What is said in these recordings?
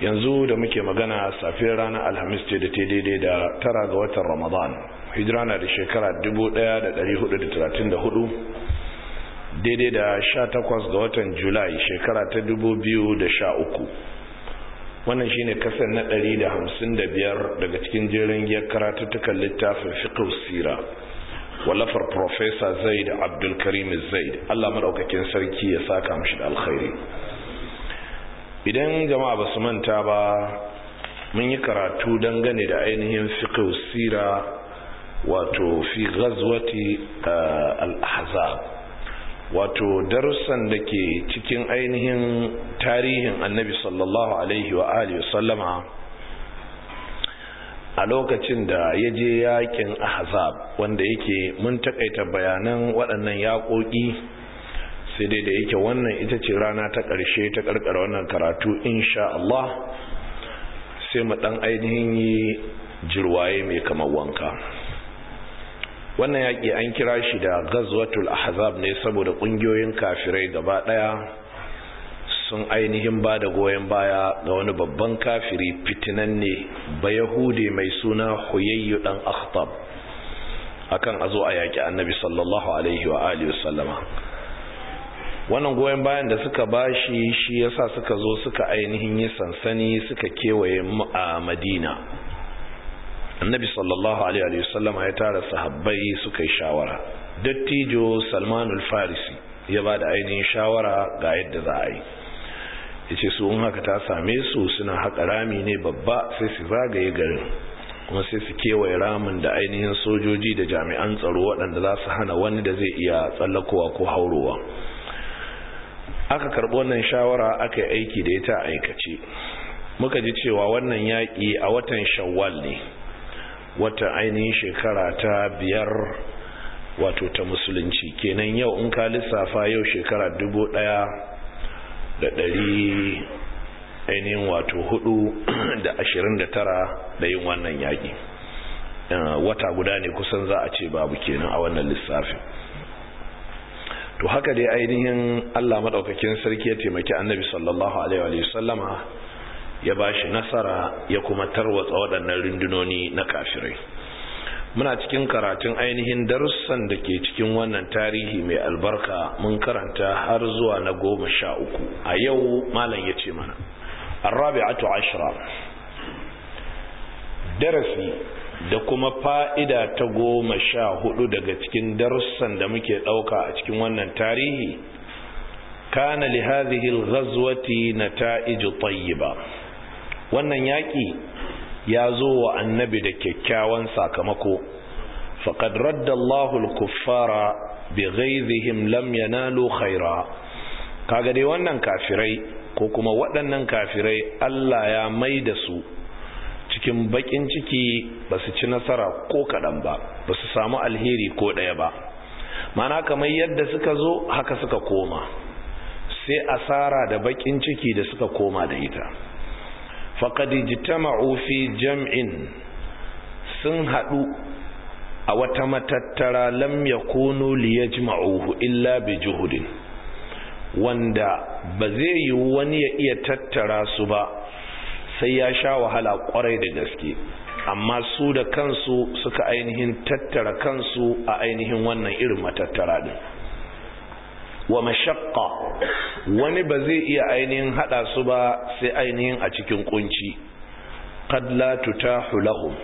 yanzu da muke magana safiyar ranar alhamis ce da ta daidai da tara ga watan ramadan hijira na da shekara 1434 daidai da 18 ga watan julai shekara ta 2013 wannan shine kasar na 155 daga cikin jerin giyar karatuttukan littafin fiqh sira wallafar professor zaid abdulkarim zaid allah maɗaukakin sarki ya saka mashi da alkhairi idan jama'a ba su manta ba mun yi karatu dangane da ainihin fiqh sira wato fi ghazwati eh, al wato darussan da ke cikin ainihin tarihin annabi sallallahu alaihi wa alihi sallama a lokacin da ya je yakin ahzab wanda yake mun takaita bayanan waɗannan yaƙoƙi sai dai da yake wannan ita ce rana ta ƙarshe ta ƙarƙar wannan karatu insha Allah sai mu ɗan ainihin yi jirwaye mai kamar wanka wannan yaƙi an kira shi da gazwatul ahzab ne saboda ƙungiyoyin kafirai gaba ɗaya sun ainihin ba da goyon baya ga wani babban kafiri fitinan ne ba yahude mai suna huyayyu ɗan akhtab akan a zo a yaƙi annabi sallallahu alaihi wa alihi wasallama wannan goyon bayan da suka bashi shi yasa suka zo suka ainihin yi sansani suka kewaye a madina annabi sallallahu alaihi wasallam ya tara sahabbai suka yi shawara dattijo salmanul farisi ya ba da ainihin shawara ga yadda za a yi ya su in haka ta same su suna haƙa rami ne babba sai su zagaye garin kuma sai su kewaye ramin da ainihin sojoji da jami'an tsaro waɗanda za su hana wani da zai iya tsallakowa ko haurowa aka karbi wannan shawara aka yi aiki da ita aikace muka ji cewa wannan yaƙi a watan shawwal ne wata ainihin shekara ta biyar wato ta musulunci kenan yau in ka lissafa yau shekara dubu ɗaya da ɗari ainihin wato hudu da ashirin da tara da yin wannan yaƙi uh, wata guda ne kusan za a ce babu kenan a wannan lissafi. to haka dai ainihin Allah madaukakin sarki ya taimaki annabi sallallahu alaihi wa sallama ya bashi nasara ya kuma tarwatsa waɗannan rundunoni na kafirai muna cikin karatun ainihin darussan da ke cikin wannan tarihi mai albarka mun karanta har zuwa na goma sha uku a yau malam ya ce mana arrabi'atu ashra darasi da kuma fa'ida ta goma sha hudu daga cikin darussan da muke ɗauka a cikin wannan tarihi kana li hadhihi al na nata'ij tayyiba wannan yaƙi ya zo wa annabi da kyakkyawan sakamako faqad radda Allahu al-kuffara bighayzihim lam yanalu khaira kaga dai wannan kafirai ko kuma waɗannan kafirai Allah ya maida su cikin bakin ciki ba su ci nasara ko kaɗan ba ba su samu alheri ko ɗaya ba mana kamar yadda suka zo haka suka koma sai asara da bakin ciki da suka koma da ita faƙad ijtama'u fi jam'in sun haɗu a wata matattara lam yakunu ma'uhu illa bi juhudin wanda ba zai yi wani ya iya tattara su ba sai ya sha wahala kwarai da gaske amma su da kansu suka ainihin tattara kansu a ainihin wannan irin matattara din wa mashaqqa wani ba zai iya ainihin hada su ba sai ainihin a cikin kunci qad la tutahu lahum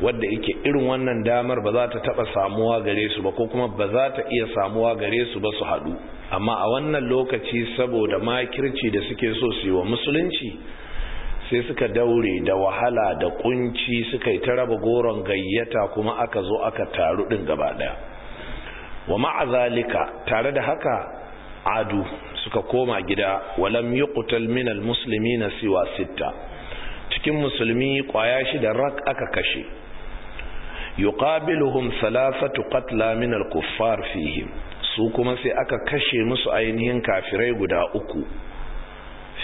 wanda yake irin wannan damar ba za ta taba samuwa gare su ba ko kuma ba za ta iya samuwa gare su ba su hadu amma a wannan lokaci saboda makirci da suke so su yi wa musulunci sai suka daure da wahala da kunci suka yi ta raba goron gayyata kuma aka zo aka taru din gaba daya wa ma'azalika tare da haka adu suka koma gida walam yuqtal musulmi na siwa sitta cikin musulmi kwaya shida rak aka kashe yuqabiluhum thalathatu qatla min kuffar fihim su kuma sai aka kashe musu ainihin kafirai guda uku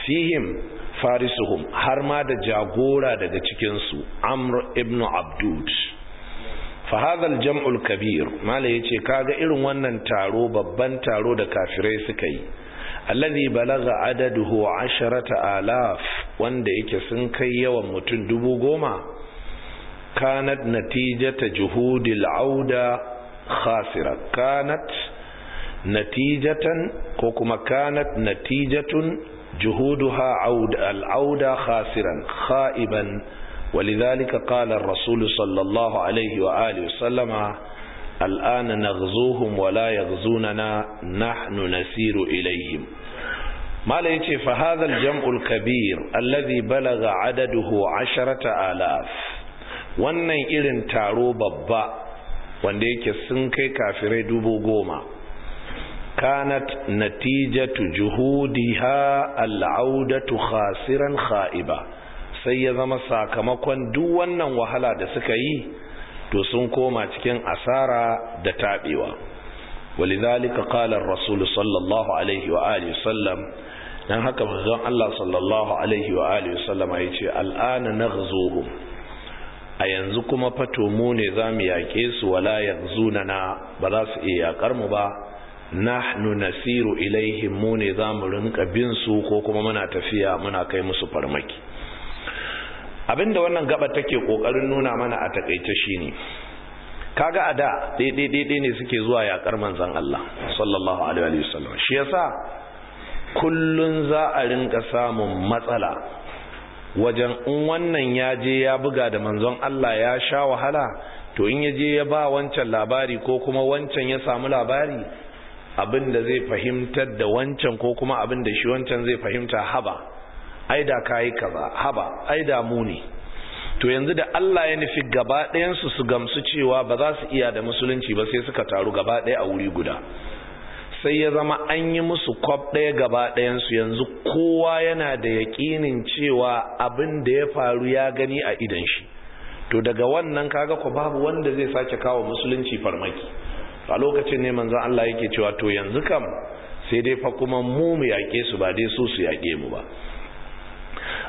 fihim farisuhum har ma da jagora daga cikinsu amr ibn abdud fahazal jam'ul kabir mala ya ce kaga irin wannan taro babban taro da kafirai suka yi allazi balaga adaduhu ta alaf wanda yake sun kai yawan mutum dubu goma kanat natijata juhudil auda khasira kanat natijatan ko kuma kanat natijatun juhuduha al'auda khasiran kha'iban ولذلك قال الرسول صلى الله عليه وآله وسلم الآن نغزوهم ولا يغزوننا نحن نسير إليهم ما ليتي فهذا الجمع الكبير الذي بلغ عدده عشرة آلاف wannan irin taro babba wanda yake sun kai kafirai dubu goma كانت نتيجة جهودها العودة خاسرا خائبا sai ya zama sakamakon duk wannan wahala da suka yi to sun koma cikin asara da taɓewa walidhalika qala ar-rasul sallallahu alaihi wa alihi sallam dan haka manzon Allah sallallahu alaihi wa alihi sallam yace al'ana naghzuhum a yanzu kuma fato mu ne zamu yake su wala na ba za su iya yakar mu ba nahnu nasiru ilaihim mu ne za mu rinka bin su ko kuma muna tafiya muna kai musu farmaki abinda wannan gaba take kokarin nuna mana a takaice shine kaga a da daidai ne suke zuwa yakar manzon Allah sallallahu alaihi wasallam shi yasa kullun za a rinka samun matsala wajen in wannan ya je ya buga da manzon Allah ya sha wahala to in ya je ya ba wancan labari ko kuma wancan ya samu labari abin da zai fahimtar da wancan ko kuma abin da shi wancan zai fahimta haba ai da kayi kaza haba ai da mu to yanzu da Allah ya nufi gaba ɗayan su gamsu cewa ba za su iya da musulunci ba sai suka taru gaba ɗaya a wuri guda sai ya zama an yi musu kwab ɗaya gaba su yanzu kowa yana da yaƙinin cewa abin da ya faru ya gani a idan shi to daga wannan kaga ku babu wanda zai sake kawo musulunci farmaki a lokacin ne manzan Allah yake cewa to yanzu kam sai dai fa kuma mu mu yaƙe su ba dai su su yaƙe mu ba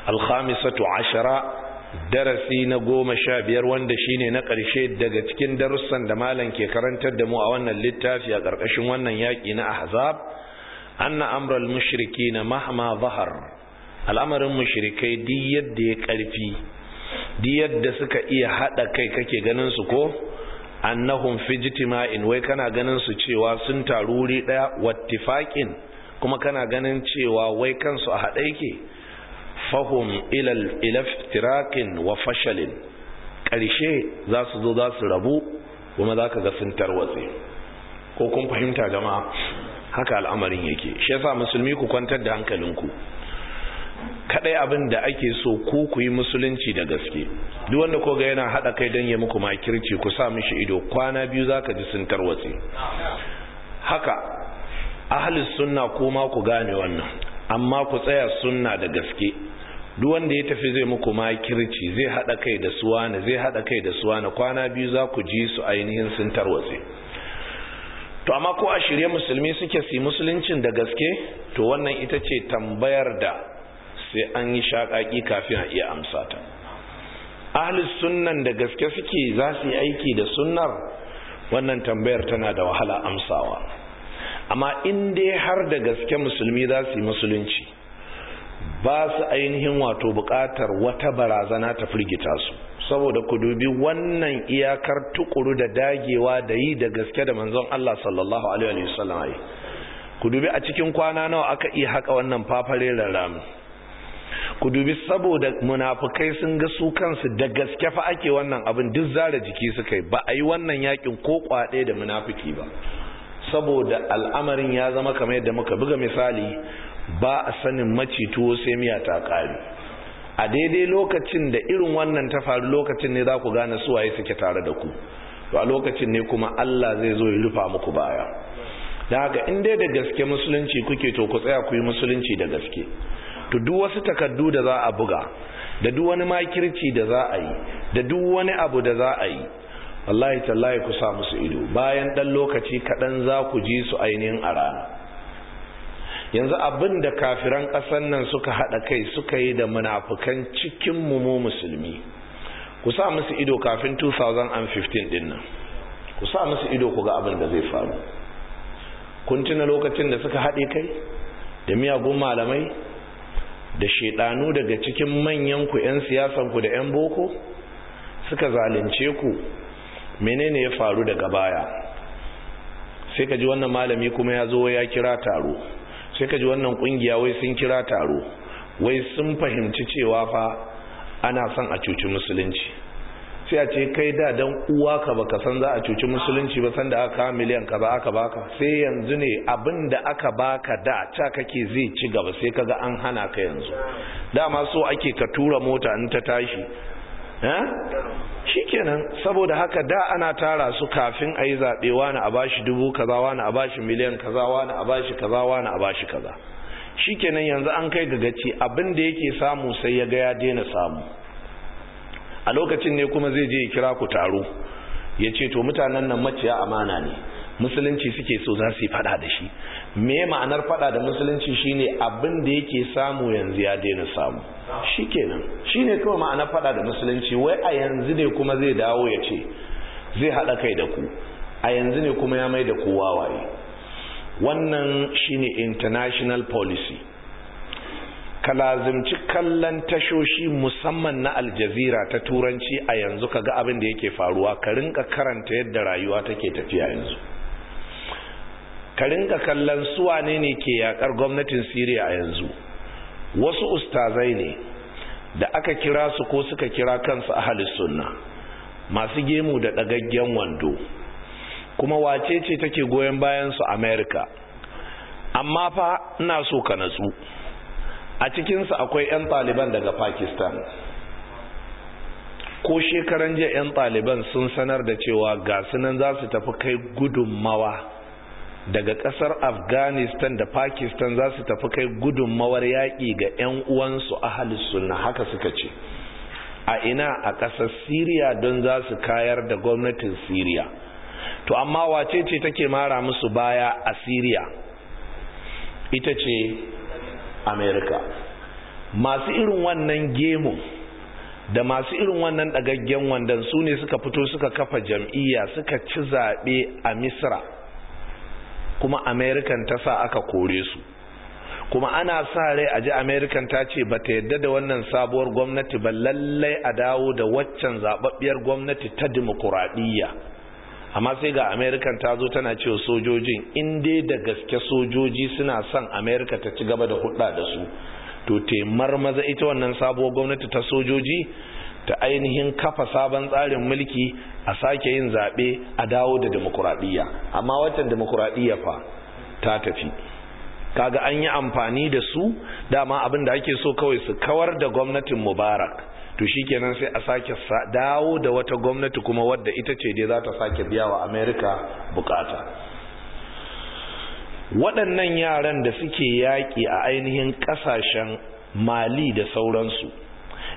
alkhamisatu ashara darasi na goma sha biyar wanda shine na ƙarshe daga cikin darussan da malam ke karantar da mu a wannan littafi a ƙarƙashin wannan yaƙi na ahzab anna amral mushriki na mahma zahar al'amarin mushrikai duk yadda ya ƙarfi duk yadda suka iya haɗa kai kake ganin su ko annahum fi jitima'in wai kana ganin su cewa sun taru wuri daya wattifaqin kuma kana ganin cewa wai kansu a haɗe yake fahum ilal iftiraqin wa fashalin Karshe za su zo za su rabu kuma za ka ga sun tarwatse ko kun fahimta jama'a haka al'amarin yake shi yasa musulmi ku kwantar da hankalinku kadai abin da ake so ku ku yi musulunci da gaske duk wanda ko ga yana hada kai dan ya muku makirci ku sa mishi ido kwana biyu zaka ji sun tarwatse haka ahlus sunna kuma ku gane wannan amma ku tsaya sunna da gaske duk wanda ya tafi zai muku makirci zai hada kai da suwana zai hada kai da suwana kwana biyu za ku ji su ainihin sun tarwatse to amma ko a shirye musulmi suke su musuluncin da gaske to wannan ita ce tambayar da sai an yi shaƙaƙi kafin a iya amsa ta Ahli sunnan da gaske suke za su yi aiki da sunnar wannan tambayar tana da wahala amsawa amma in dai har da gaske musulmi za su yi musulunci ba su ainihin wato buƙatar wata barazana ta firgita su saboda ku dubi wannan iyakar tukuru da dagewa da yi da gaske da manzon Allah sallallahu alaihi wasallam ku dubi a cikin kwana nawa aka iya haka wannan fafare da rami ku dubi saboda munafukai sun ga su kansu da gaske fa ake wannan abin duk zara jiki suka yi ba a yi wannan yakin ko kwaɗe da munafuki ba saboda al'amarin ya zama kamar yadda muka buga misali ba a sanin maci tuwo sai miya ta ƙari a daidai lokacin da irin wannan ta faru lokacin ne za ku gane su waye suke tare da ku to a lokacin ne kuma Allah zai zo ya rufa muku baya da haka in dai da gaske musulunci kuke to ku tsaya ku yi musulunci da gaske to duk wasu takardu da za a buga da duk wani makirci da za a yi da duk wani abu da za a yi wallahi tallahi ku sa musu ido bayan dan lokaci kaɗan za ku ji su ainihin a rana yanzu abin da kafiran ƙasar nan suka haɗa kai suka yi da munafukan cikin mu musulmi ku sa musu ido kafin 2015 din nan ku sa musu ido ku ga abin da zai faru kun tuna lokacin da suka haɗe kai da miyagun malamai da shaidanu daga cikin manyan ku yan siyasan ku da yan boko suka zalunce ku menene ya faru daga baya sai ka ji wannan malami kuma ya zo ya kira taro sai ka ji wannan kungiya wai sun kira taro wai sun fahimci cewa fa ana son a cuci musulunci sai a ce kai da dan uwa ka baka san za a cuci musulunci ba san da aka miliyan ka ba aka baka sai yanzu ne abin da aka baka da ta kake zai ci gaba sai kaga an hana ka yanzu dama so ake ka tura mota in ta tashi eh? shikenan saboda haka da ana tara su kafin a yi zaɓe wani a bashi dubu kaza wani a bashi miliyan kaza wani a bashi kaza wani a bashi kaza shikenan yanzu an kai ga gaci abin da yake samu sai ya ga ya daina samu a lokacin ne kuma zai je ya kira ku taro ya ce to mutanen nan maciya amana ne musulunci suke so za su yi fada da shi me ma'anar fada da musulunci shine abin da yake samu yanzu ya daina samu shikenan shine kuma ma'anar fada da musulunci wai a yanzu ne kuma zai dawo ya ce zai haɗa kai da ku a yanzu ne kuma ya mai da ku wawaye wannan shine international policy ka lazimci kallon tashoshi musamman na aljazira ta turanci a yanzu ka ga abin da yake faruwa ka rinka karanta yadda rayuwa take tafiya yanzu ka rinka kallon suwa ne ke yakar gwamnatin siriya a yanzu wasu ustazai ne da aka kira su ko suka kira kansu a halin sunna masu gemu da ɗagaggen wando kuma wace ce take goyon bayan su america amma fa ina so ka natsu a cikinsu akwai 'yan ɗaliban daga pakistan ko shekaran jiya 'yan ɗaliban sun sanar da cewa ga nan za su tafi kai gudunmawa daga ƙasar afghanistan da pakistan za su tafi kai gudunmawar yaƙi ga 'yan uwansu ahalus sunna haka suka ce a ina a ƙasar siriya don za su kayar da gwamnatin siriya to amma wace ce take mara musu baya a siriya ita ce Amerika masu irin wannan gemu da masu irin wannan ɗagaggen wandan su ne suka fito suka kafa jam'iyya suka ci zaɓe a misra kuma Amerikan ta sa aka kore su kuma ana sa rai a ji Amerikan ta ce ba ta yadda da wannan sabuwar gwamnati ba lallai a dawo da waccan zaɓaɓɓiyar gwamnati ta dimokuraɗiyya amma sai ga amerikan ta zo tana cewa sojojin in dai da gaske sojoji suna son amerika ta ci gaba da hudda da su to taimar maza ita wannan sabuwar gwamnati ta sojoji ta ainihin kafa sabon tsarin mulki a sake yin zaɓe a dawo da demokuraɗiyya amma watan demokuraɗiyya fa ta tafi kaga an yi amfani da su dama abin da ake so kawai su kawar da gwamnatin mubarak to shikenan sai a sake dawo da wata gwamnati kuma wadda ita ce dai za ta sake biya wa Amerika bukata waɗannan yaran da suke yaƙi a ainihin ƙasashen mali da sauransu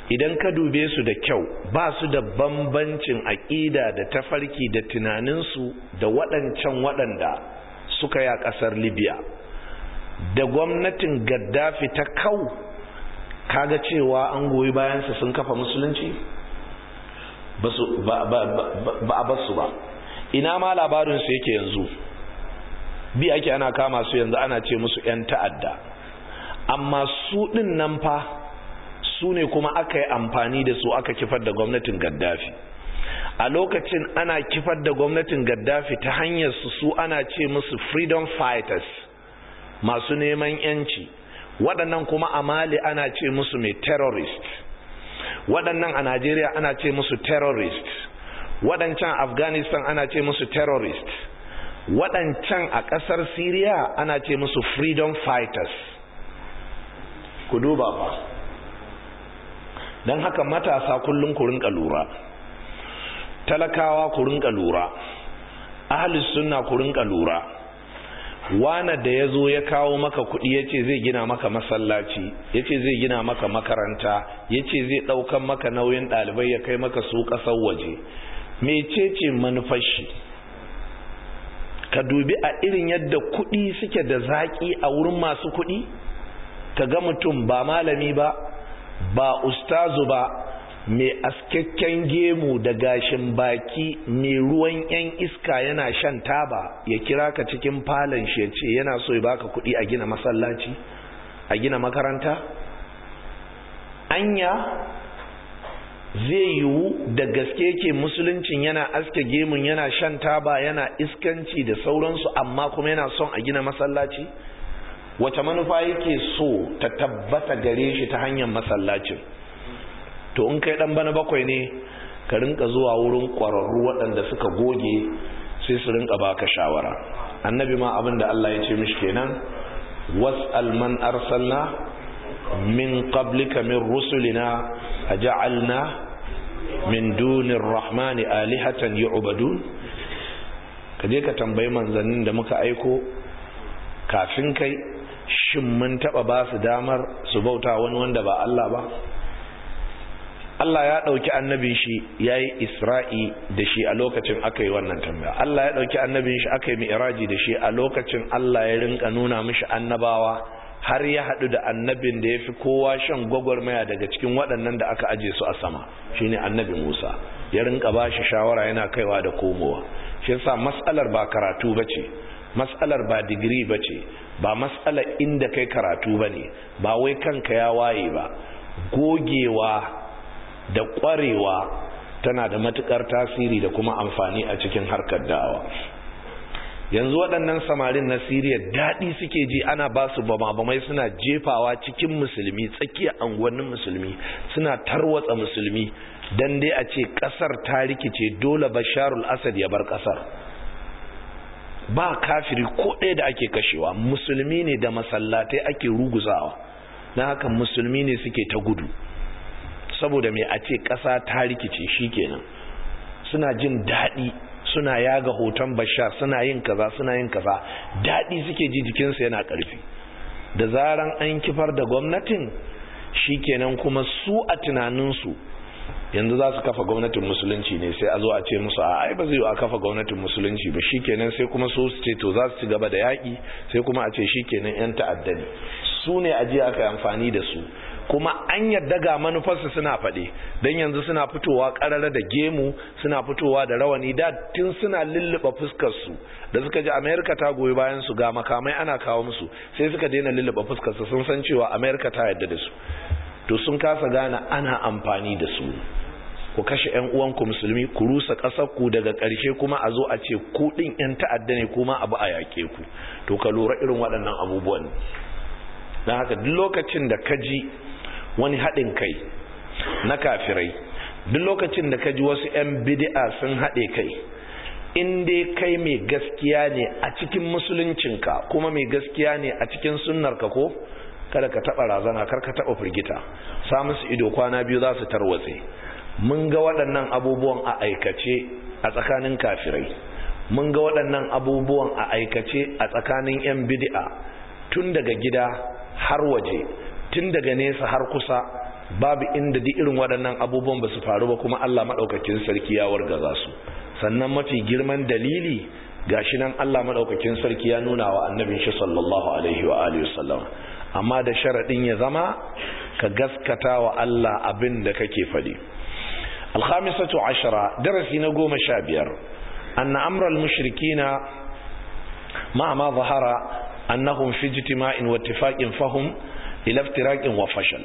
idan ka dube su da kyau ba su da bambancin aƙida da tafarki da tunaninsu da waɗancan waɗanda suka yi a ƙasar libya da gwamnatin gaddafi ta kau kaga cewa an goyi bayansa sun kafa musulunci ba a basu ba ina ma labarinsu yake yanzu bi ake ana kama su yanzu ana ce musu 'yan ta'adda amma su ɗin nan fa su ne kuma aka yi amfani da su aka kifar da gwamnatin gaddafi a lokacin ana kifar da gwamnatin gaddafi ta hanyar su su ana ce musu freedom fighters masu neman 'yanci waɗannan kuma a mali ana ce musu mai terrorist waɗannan a najeriya ana ce musu terrorist waɗancan afghanistan ana ce musu terrorist waɗancan a ƙasar syria ana ce musu freedom fighters ku duba ba don haka matasa kullum ku rinka lura talakawa ku rinka lura ahalis sunna ku rinka lura wana da ya zo ya kawo maka kuɗi ya ce zai gina maka masallaci ya ce zai gina maka makaranta ya ce zai ɗaukan maka nauyin ɗalibai ya kai maka su ƙasar waje mecece manufashi ka dubi a irin yadda kuɗi suke da zaƙi a wurin masu kuɗi ka ga mutum ba malami ba ba ustazu ba mai askakken gemu da gashin baki mai ruwan yan iska yana shan taba ya kira ka cikin falon shi ya ce yana so ya baka kuɗi a gina masallaci a gina makaranta anya zai yiwu da gaske ke musuluncin yana aske gemun yana shan taba yana iskanci da sauransu amma kuma yana son a gina masallaci wata manufa yake so ta tabbata gare shi ta hanyar masallacin to in kai dan bana bakwai ne ka rinka zuwa wurin kwararru waɗanda suka goge sai su rinka baka shawara annabi ma abin da Allah ya ce mishi kenan was'al man arsalna min qablika min rusulina aj'alna min dunin rahmani alihatan yu'badun kaje ka tambayi manzannin da muka aiko kafin kai shin mun taba ba su damar su bauta wani wanda ba Allah ba Allah ya ɗauki annabin shi ya yi isra'i da shi a lokacin aka yi wannan tambaya Allah ya ɗauki annabin shi aka yi mi'iraji da shi a lokacin Allah ya rinka nuna mishi annabawa har ya haɗu da annabin da ya fi kowa shan gwagwarmaya daga cikin waɗannan da aka aje su a sama Shi ne annabin Musa ya rinka ba shi shawara yana kaiwa da komowa shi yasa matsalar ba karatu ba ce matsalar ba digiri ba ce ba matsalar inda kai karatu ba ne ba wai kanka ya waye ba gogewa da ƙwarewa tana da matuƙar tasiri da kuma amfani a cikin harkar dawa yanzu waɗannan samarin na siriya daɗi suke ji ana ba su bama-bamai suna jefawa cikin musulmi tsakiyar anguwannin musulmi suna tarwatsa musulmi don dai a ce ƙasar ta rikice dole basharul asad ya bar ƙasar ba kafiri ko ɗaya da ake kashewa musulmi ne da masallatai ake ruguzawa na haka musulmi ne suke ta gudu saboda mai a ce ƙasa ta rikice shi kenan suna jin daɗi suna yaga hoton bashar suna yin kaza suna yin kaza daɗi suke ji jikinsu yana ƙarfi da zaran an kifar da gwamnatin shi kenan kuma su a tunaninsu yanzu za su kafa gwamnatin musulunci ne sai a zo a ce musu a ai ba zai yi a kafa gwamnatin musulunci ba shikenan sai kuma su su ce to za su ci gaba da yaƙi sai kuma a ce shikenan yan ta'adda su ne aji aka yi amfani da su kuma an yadda ga manufarsu suna faɗi don yanzu suna fitowa ƙarara da gemu suna fitowa da rawani da tun suna lulluɓa fuskarsu da suka ji amerika ta goyi bayan su ga makamai ana kawo musu sai suka daina lulluɓa fuskarsu sun san cewa amerika ta yadda da su to sun kasa gane ana amfani da su ku kashe yan uwanku musulmi ku rusa ƙasarku daga ƙarshe kuma a zo a ce ku ɗin yan ta'adda ne kuma abu a yaƙe ku to ka lura irin waɗannan abubuwan don haka duk lokacin da ka ji wani haɗin kai na kafirai duk lokacin da ka ji wasu 'yan bidi'a sun haɗe kai in dai kai mai gaskiya ne a cikin musuluncinka kuma mai gaskiya ne a cikin sunnarka ko kada ka taɓa razana kar ka taɓa firgita samun su ido kwana biyu za su tarwatse mun ga waɗannan abubuwan a aikace a tsakanin kafirai mun ga waɗannan abubuwan a aikace a tsakanin 'yan bidi'a tun daga gida har waje tun daga nesa har kusa babu inda duk irin waɗannan abubuwan ba su faru ba kuma Allah maɗaukakin sarki ya wargaza su sannan mafi girman dalili gashi nan Allah maɗaukakin sarki ya nuna wa annabin shi sallallahu alaihi wa alihi wasallam amma da sharaɗin ya zama ka gaskata wa Allah abin da kake faɗi alkhamisatu ashara darasi na goma sha biyar anna amral mushrikina ma ma zahara annahum fi ijtima'in wa ittifaqin fahum ilaftirakin wa fashal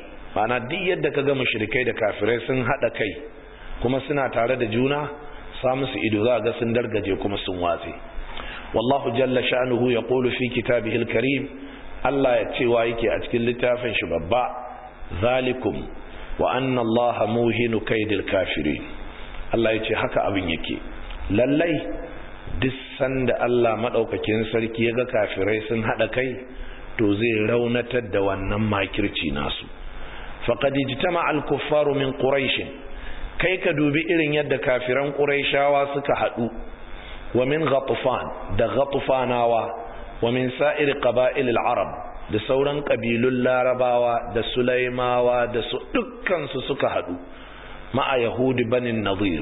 duk yadda ka ga mushirikai da kafirai sun hada kai kuma suna tare da juna samu su ido za ga sun dargaje kuma sun watse wallahu jalla sha'nuhu yaqulu fi kitabihi al-karim Allah ya cewa yake a cikin littafin shi babba zalikum wa anna allaha muhinu kaidil kafirin Allah ya ce haka abin yake lallai duk sanda Allah madaukakin sarki ya ga kafirai sun hada kai to zai raunatar da wannan makirci nasu faqad ijtama al-kuffaru min quraish kai ka dubi irin yadda kafiran quraishawa suka hadu wa min ghatfan da ghatfanawa wa min sa'ir qaba'il al-arab da sauran kabilun larabawa da sulaimawa da su dukkan su suka hadu ma'a yahudi banin nadir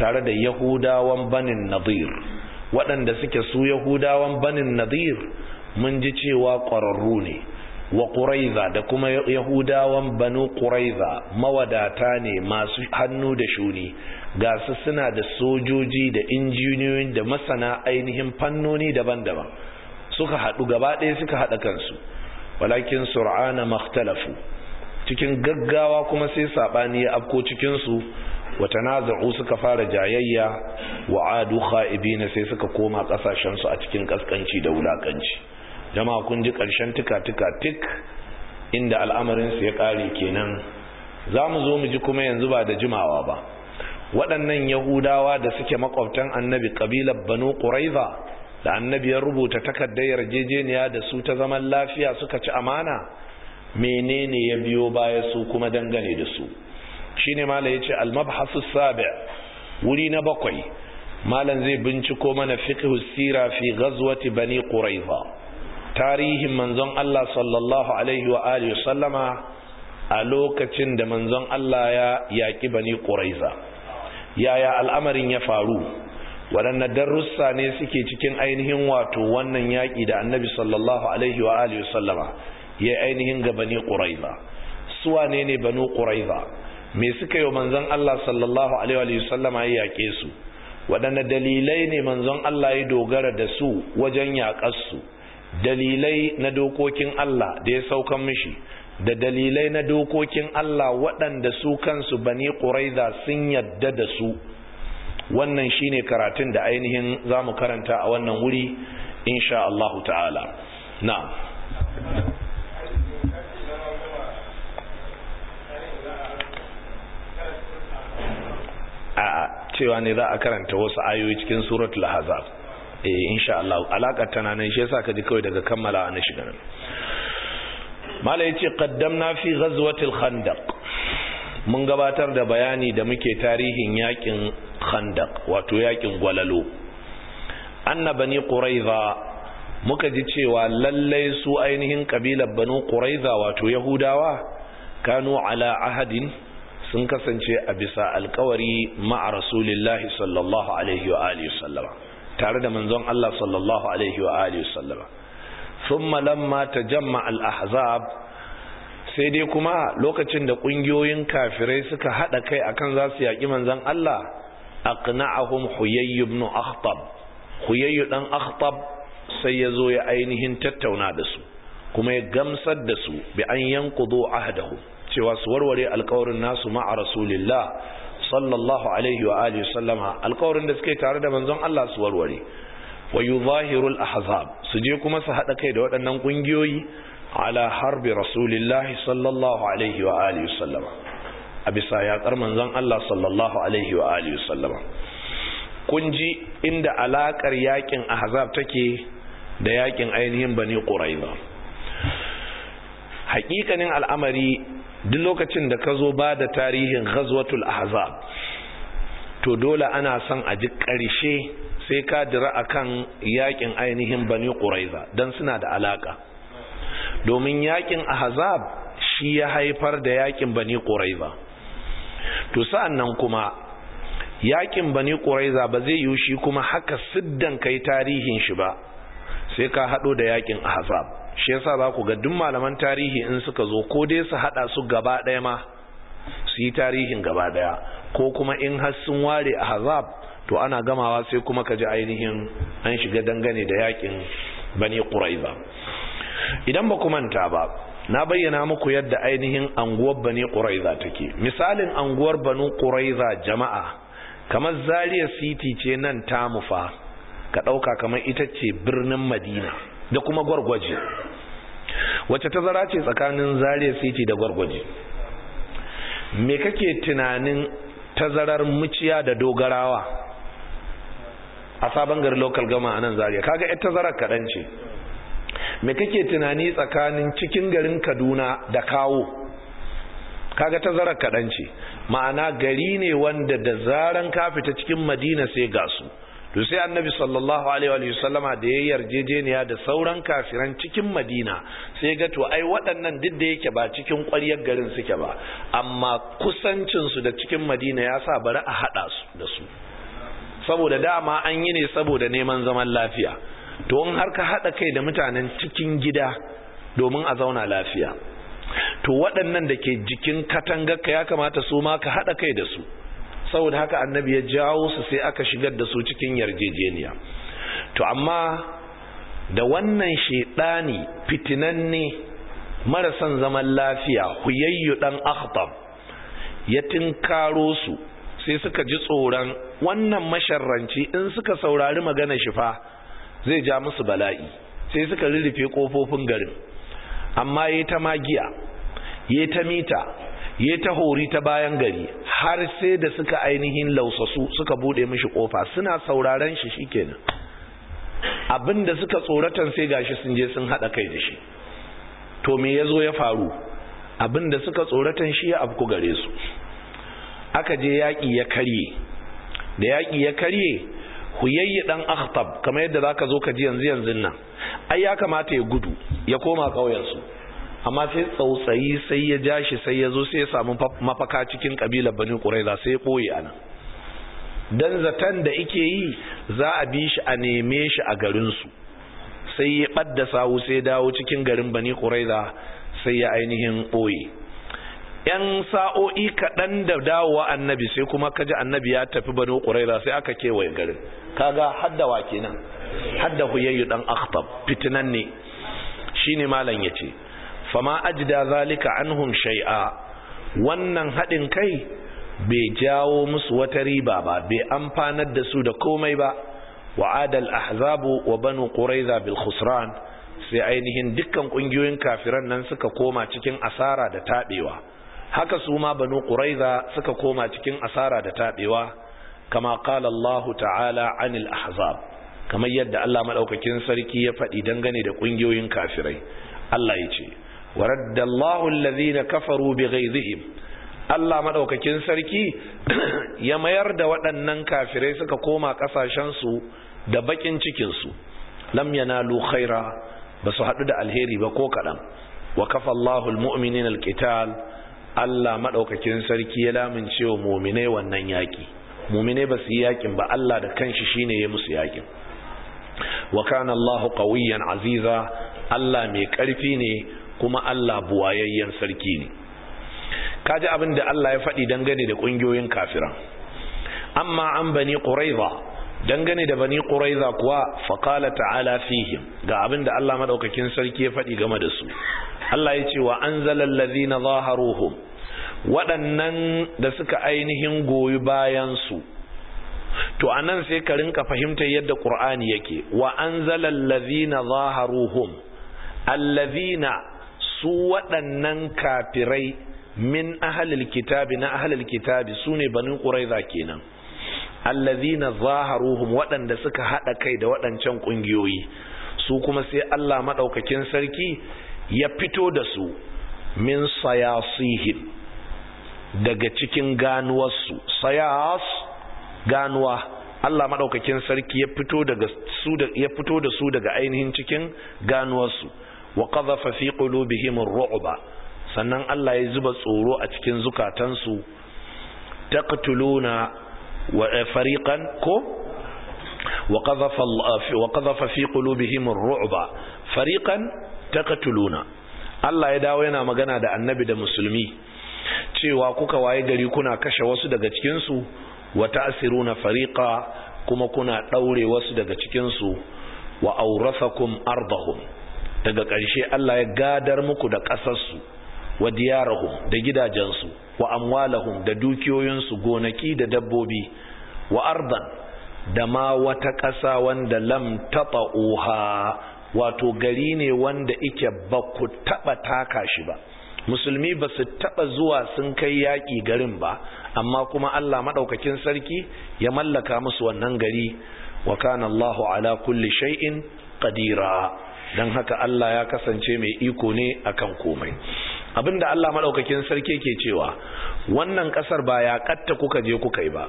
tare da yahudawan banin nadir waɗanda suke su yahudawan banin nadir mun ji cewa ƙwararru ne wa ƙuraiza da kuma yahudawan banu ƙuraiza mawadata ne masu hannu da shuni ga su suna da sojoji da injiniyoyin da masana ainihin fannoni daban-daban suka haɗu gaba ɗaya suka haɗa kansu walakin sur'ana makhtalafu cikin gaggawa kuma sai saɓani ya afko cikinsu wata nazaru suka fara jayayya wa adu kha'ibina sai suka koma ƙasashensu a cikin ƙasƙanci da wulaƙanci jama'a kun ji ƙarshen tuka-tuka tik inda al'amarinsu ya ƙare kenan za mu zo mu ji kuma yanzu ba da jimawa ba waɗannan yahudawa da suke makwabtan annabi ƙabilar banu ƙuraiza da annabi ya rubuta takardar yarjejeniya da su ta zaman lafiya suka ci amana menene ya biyo baya su kuma dangane da su shine malam yace al-mabhasu sabi' wuri na bakwai malam zai binciko mana fiqhu sira fi ghazwati bani quraiza tarihin manzon Allah sallallahu alaihi wa alihi sallama a lokacin da manzon Allah ya yaƙi bani ƙuraiza yaya al'amarin ya faru wadannan darussa ne suke cikin ainihin wato wannan yaƙi da annabi sallallahu alaihi wa alihi sallama ya ainihin ga bani ƙuraiza suwa ne ne bani ƙuraiza me suka yi manzon Allah sallallahu alaihi wa sallama ya yaƙe su waɗanne dalilai ne manzon Allah ya dogara da su wajen yaƙar su dalilai na dokokin Allah da ya saukan mishi da dalilai na dokokin Allah waɗanda su kansu bani ƙuraiza sun yadda da su wannan shine karatun da ainihin za mu karanta a wannan wuri insha Allah ta'ala na'am a cewa ne za a karanta wasu ayoyi cikin suratul ahzab eh insha Allah alakar tana nan shi yasa ka ji kawai daga kammala na shiga nan mala yace qaddamna fi ghazwatil khandaq mun gabatar da bayani da muke tarihin yakin khandaq wato yakin gwalalo anna bani quraiza muka ji cewa lallai su ainihin kabilar banu quraiza wato yahudawa kanu ala ahadin sun kasance a bisa alkawari ma'a rasulillahi sallallahu alaihi wa alihi sallama tare da manzon Allah sallallahu alaihi wa alihi lamma ta al-ahzab sai dai kuma lokacin da ƙungiyoyin kafirai suka haɗa kai akan za su yaƙi manzon Allah aqna'ahum huyayyu ibn akhtab Huyayyu dan akhtab sai ya zo ya ainihin tattauna da su kuma ya gamsar da su bi an yanqudu ahdahu cewa su warware alkawarin nasu ma'a rasulillah sallallahu alaihi wa alihi sallama alƙawarin da suke tare da manzon Allah su warware wa yuzahirul ahzab su je kuma su hada kai da waɗannan kungiyoyi ala harbi rasulillahi sallallahu alaihi wa alihi sallama a bisa yaƙar manzon Allah sallallahu alaihi wa alihi sallama kun ji inda alaƙar yaƙin ahzab take da yaƙin ainihin bani ƙuraiba haƙiƙanin al'amari duk lokacin da ka zo ba da tarihin ghazwatul ahzab to dole ana son a ji ƙarshe sai ka dira kan yaƙin ainihin bani ƙuraiza. dan suna da alaƙa domin yakin ahzab shi ya haifar da yaƙin bani quraiza to sa'an kuma yaƙin bani quraiza ba zai yi shi kuma haka siddan kai tarihin shi ba sai ka haɗo da yakin ahzab shi yasa za ku ga duk malaman tarihi in suka zo ko dai su hada su gaba ɗaya ma su yi tarihin gaba ɗaya ko kuma in har sun ware a hazab to ana gamawa sai kuma ka ji ainihin an shiga dangane da yakin bani ƙuraiza idan ba ku manta ba na bayyana muku yadda ainihin anguwar bani ƙuraiza take misalin anguwar bani ƙuraiza jama'a kamar zaria city ce nan tamufa ka ɗauka kamar ita ce birnin madina da kuma gwargwaje wacce tazara ce tsakanin zaria Siti da gwargwaje me kake tunanin tazarar muciya da dogarawa a sabon gari local gama a nan zaria kaga ita tazarar kaɗan ce me kake tunani tsakanin cikin garin kaduna da kawo kaga tazarar kaɗan ce ma'ana gari ne wanda da zaran ka fita cikin madina sai gasu to sai annabi sallallahu alaihi wa sallama da ya yarjejeniya da sauran kafiran cikin madina sai ga to ai waɗannan duk da yake ba cikin ƙwaryar garin suke ba amma kusancinsu da cikin madina ya sa bari a haɗa su da su saboda dama an yi ne saboda neman zaman lafiya to in har ka haɗa kai da mutanen cikin gida domin a zauna lafiya to waɗannan da ke jikin katangar ka ya kamata su ma ka haɗa kai da su saboda haka annabi ya jawo su sai aka shigar da su cikin yarjejeniya to amma da wannan shedani fitinanne marasan zaman lafiya huyayyu dan akhtab ya tinkaro su sai suka ji tsoron wannan masharranci in suka saurari magana shi fa zai ja musu bala'i sai suka rurrufe kofofin garin amma yayi ta magiya yayi ta mita ya ta hori ta bayan gari har sai da suka ainihin lausasu suka bude mishi kofa suna sauraren shi shikenan abinda suka tsoratan sai gashi sun je sun hada kai da shi to me yazo ya faru abinda suka tsoratan shi ya afku gare su aka je yaki ya karye da yaki ya karye huyayyi dan akhtab kamar yadda zaka zo ka ji yanzu yanzu nan ai ya kamata ya gudu ya koma kauyen su amma sai tsautsayi sai ya ja shi sai ya zo sai ya samu mafaka cikin kabilar bani ƙuraiza sai ya ɓoye a nan don zaton da ike yi za a bi shi a neme shi a garinsu sai ya ɓadda sawu sai dawo cikin garin bani ƙuraiza sai ya ainihin ɓoye yan sa'o'i kaɗan da dawowa annabi sai kuma kaji annabi ya tafi bani ƙuraiza sai aka kewaye garin kaga haddawa kenan hadda huyayyu dan akhtab fitinan ne shine malam yace fama ajda zalika anhum shay'a wannan haɗin kai bai jawo musu wata riba ba bai amfanar da su da komai ba Wa'adal ahzabu wa banu quraiza bil khusran sai ainihin dukkan ƙungiyoyin kafiran nan suka koma cikin asara da tabewa haka su ma banu quraiza suka koma cikin asara da tabewa kama qala Allah ta'ala anil ahzab kamar yadda Allah madaukakin sarki ya faɗi dangane da ƙungiyoyin kafirai Allah ya ce wa raddallahu allazina kafaru bighaizihim Allah maɗaukakin sarki ya mayar da waɗannan kafirai suka koma kasashen su da bakin cikin su lam yanalu khaira basu hadu da alheri ba ko kadan wa kafa Allahu almu'minina alqital Allah madaukakin sarki ya lamince cewa mu'minai wannan yaki mu'minai basu yi yakin ba Allah da kanshi shine ya musu yakin wa kana Allahu aziza Allah mai karfi ne kuma Allah buwayayyen sarki ne kaji abin da Allah ya faɗi dangane da ƙungiyoyin kafiran amma an bani ƙuraiza dangane da bani ƙuraiza kuwa faƙala ta'ala fihim ga abin da Allah maɗaukakin sarki ya faɗi game da su Allah ya ce wa an zalallazi na zaharuhum waɗannan da suka ainihin goyi bayansu to a nan sai ka rinka fahimtar yadda ƙur'ani yake wa an zalallazi na zaharuhum allazina su waɗannan kafirai min ahalil kitabi na ahalil kitabi su ne banin ƙuraiza kenan na zaharuhum waɗanda suka haɗa kai da waɗancan ƙungiyoyi su kuma sai Allah maɗaukakin sarki ya fito da su min sayasihin daga cikin ganuwarsu sayas ganuwa Allah maɗaukakin sarki ya fito da su daga ainihin cikin ganuwarsu wa qadhafa fi qulubihim ar-ru'ba sannan Allah ya zuba tsoro a cikin zukatansu taqtuluna wa fariqan ko wa qadhafa wa qadhafa fi qulubihim ar-ru'ba fariqan taqtuluna Allah ya dawo yana magana da annabi da musulmi cewa kuka waye gari kuna kashe wasu daga cikin su wa ta'siruna fariqa kuma kuna daure wasu daga cikin su wa aurathakum ardahum daga ƙarshe Allah ya gadar muku da ƙasarsu wa diyarahum da gidajensu wa amwalahum da dukiyoyinsu gonaki da dabbobi wa ardan da ma wata ƙasa wanda lam taɓa Oha wato gari ne wanda ike ba ku taɓa taka shi ba musulmi ba su taɓa zuwa sun kai yaƙi garin ba amma kuma Allah maɗaukakin sarki ya mallaka musu wannan gari wa kana Allahu ala kulli shay'in qadira don haka Allah ya kasance mai iko ne akan komai abinda Allah maɗaukakin sarki ke cewa wannan ƙasar ba ya katta kuka je kuka yi ba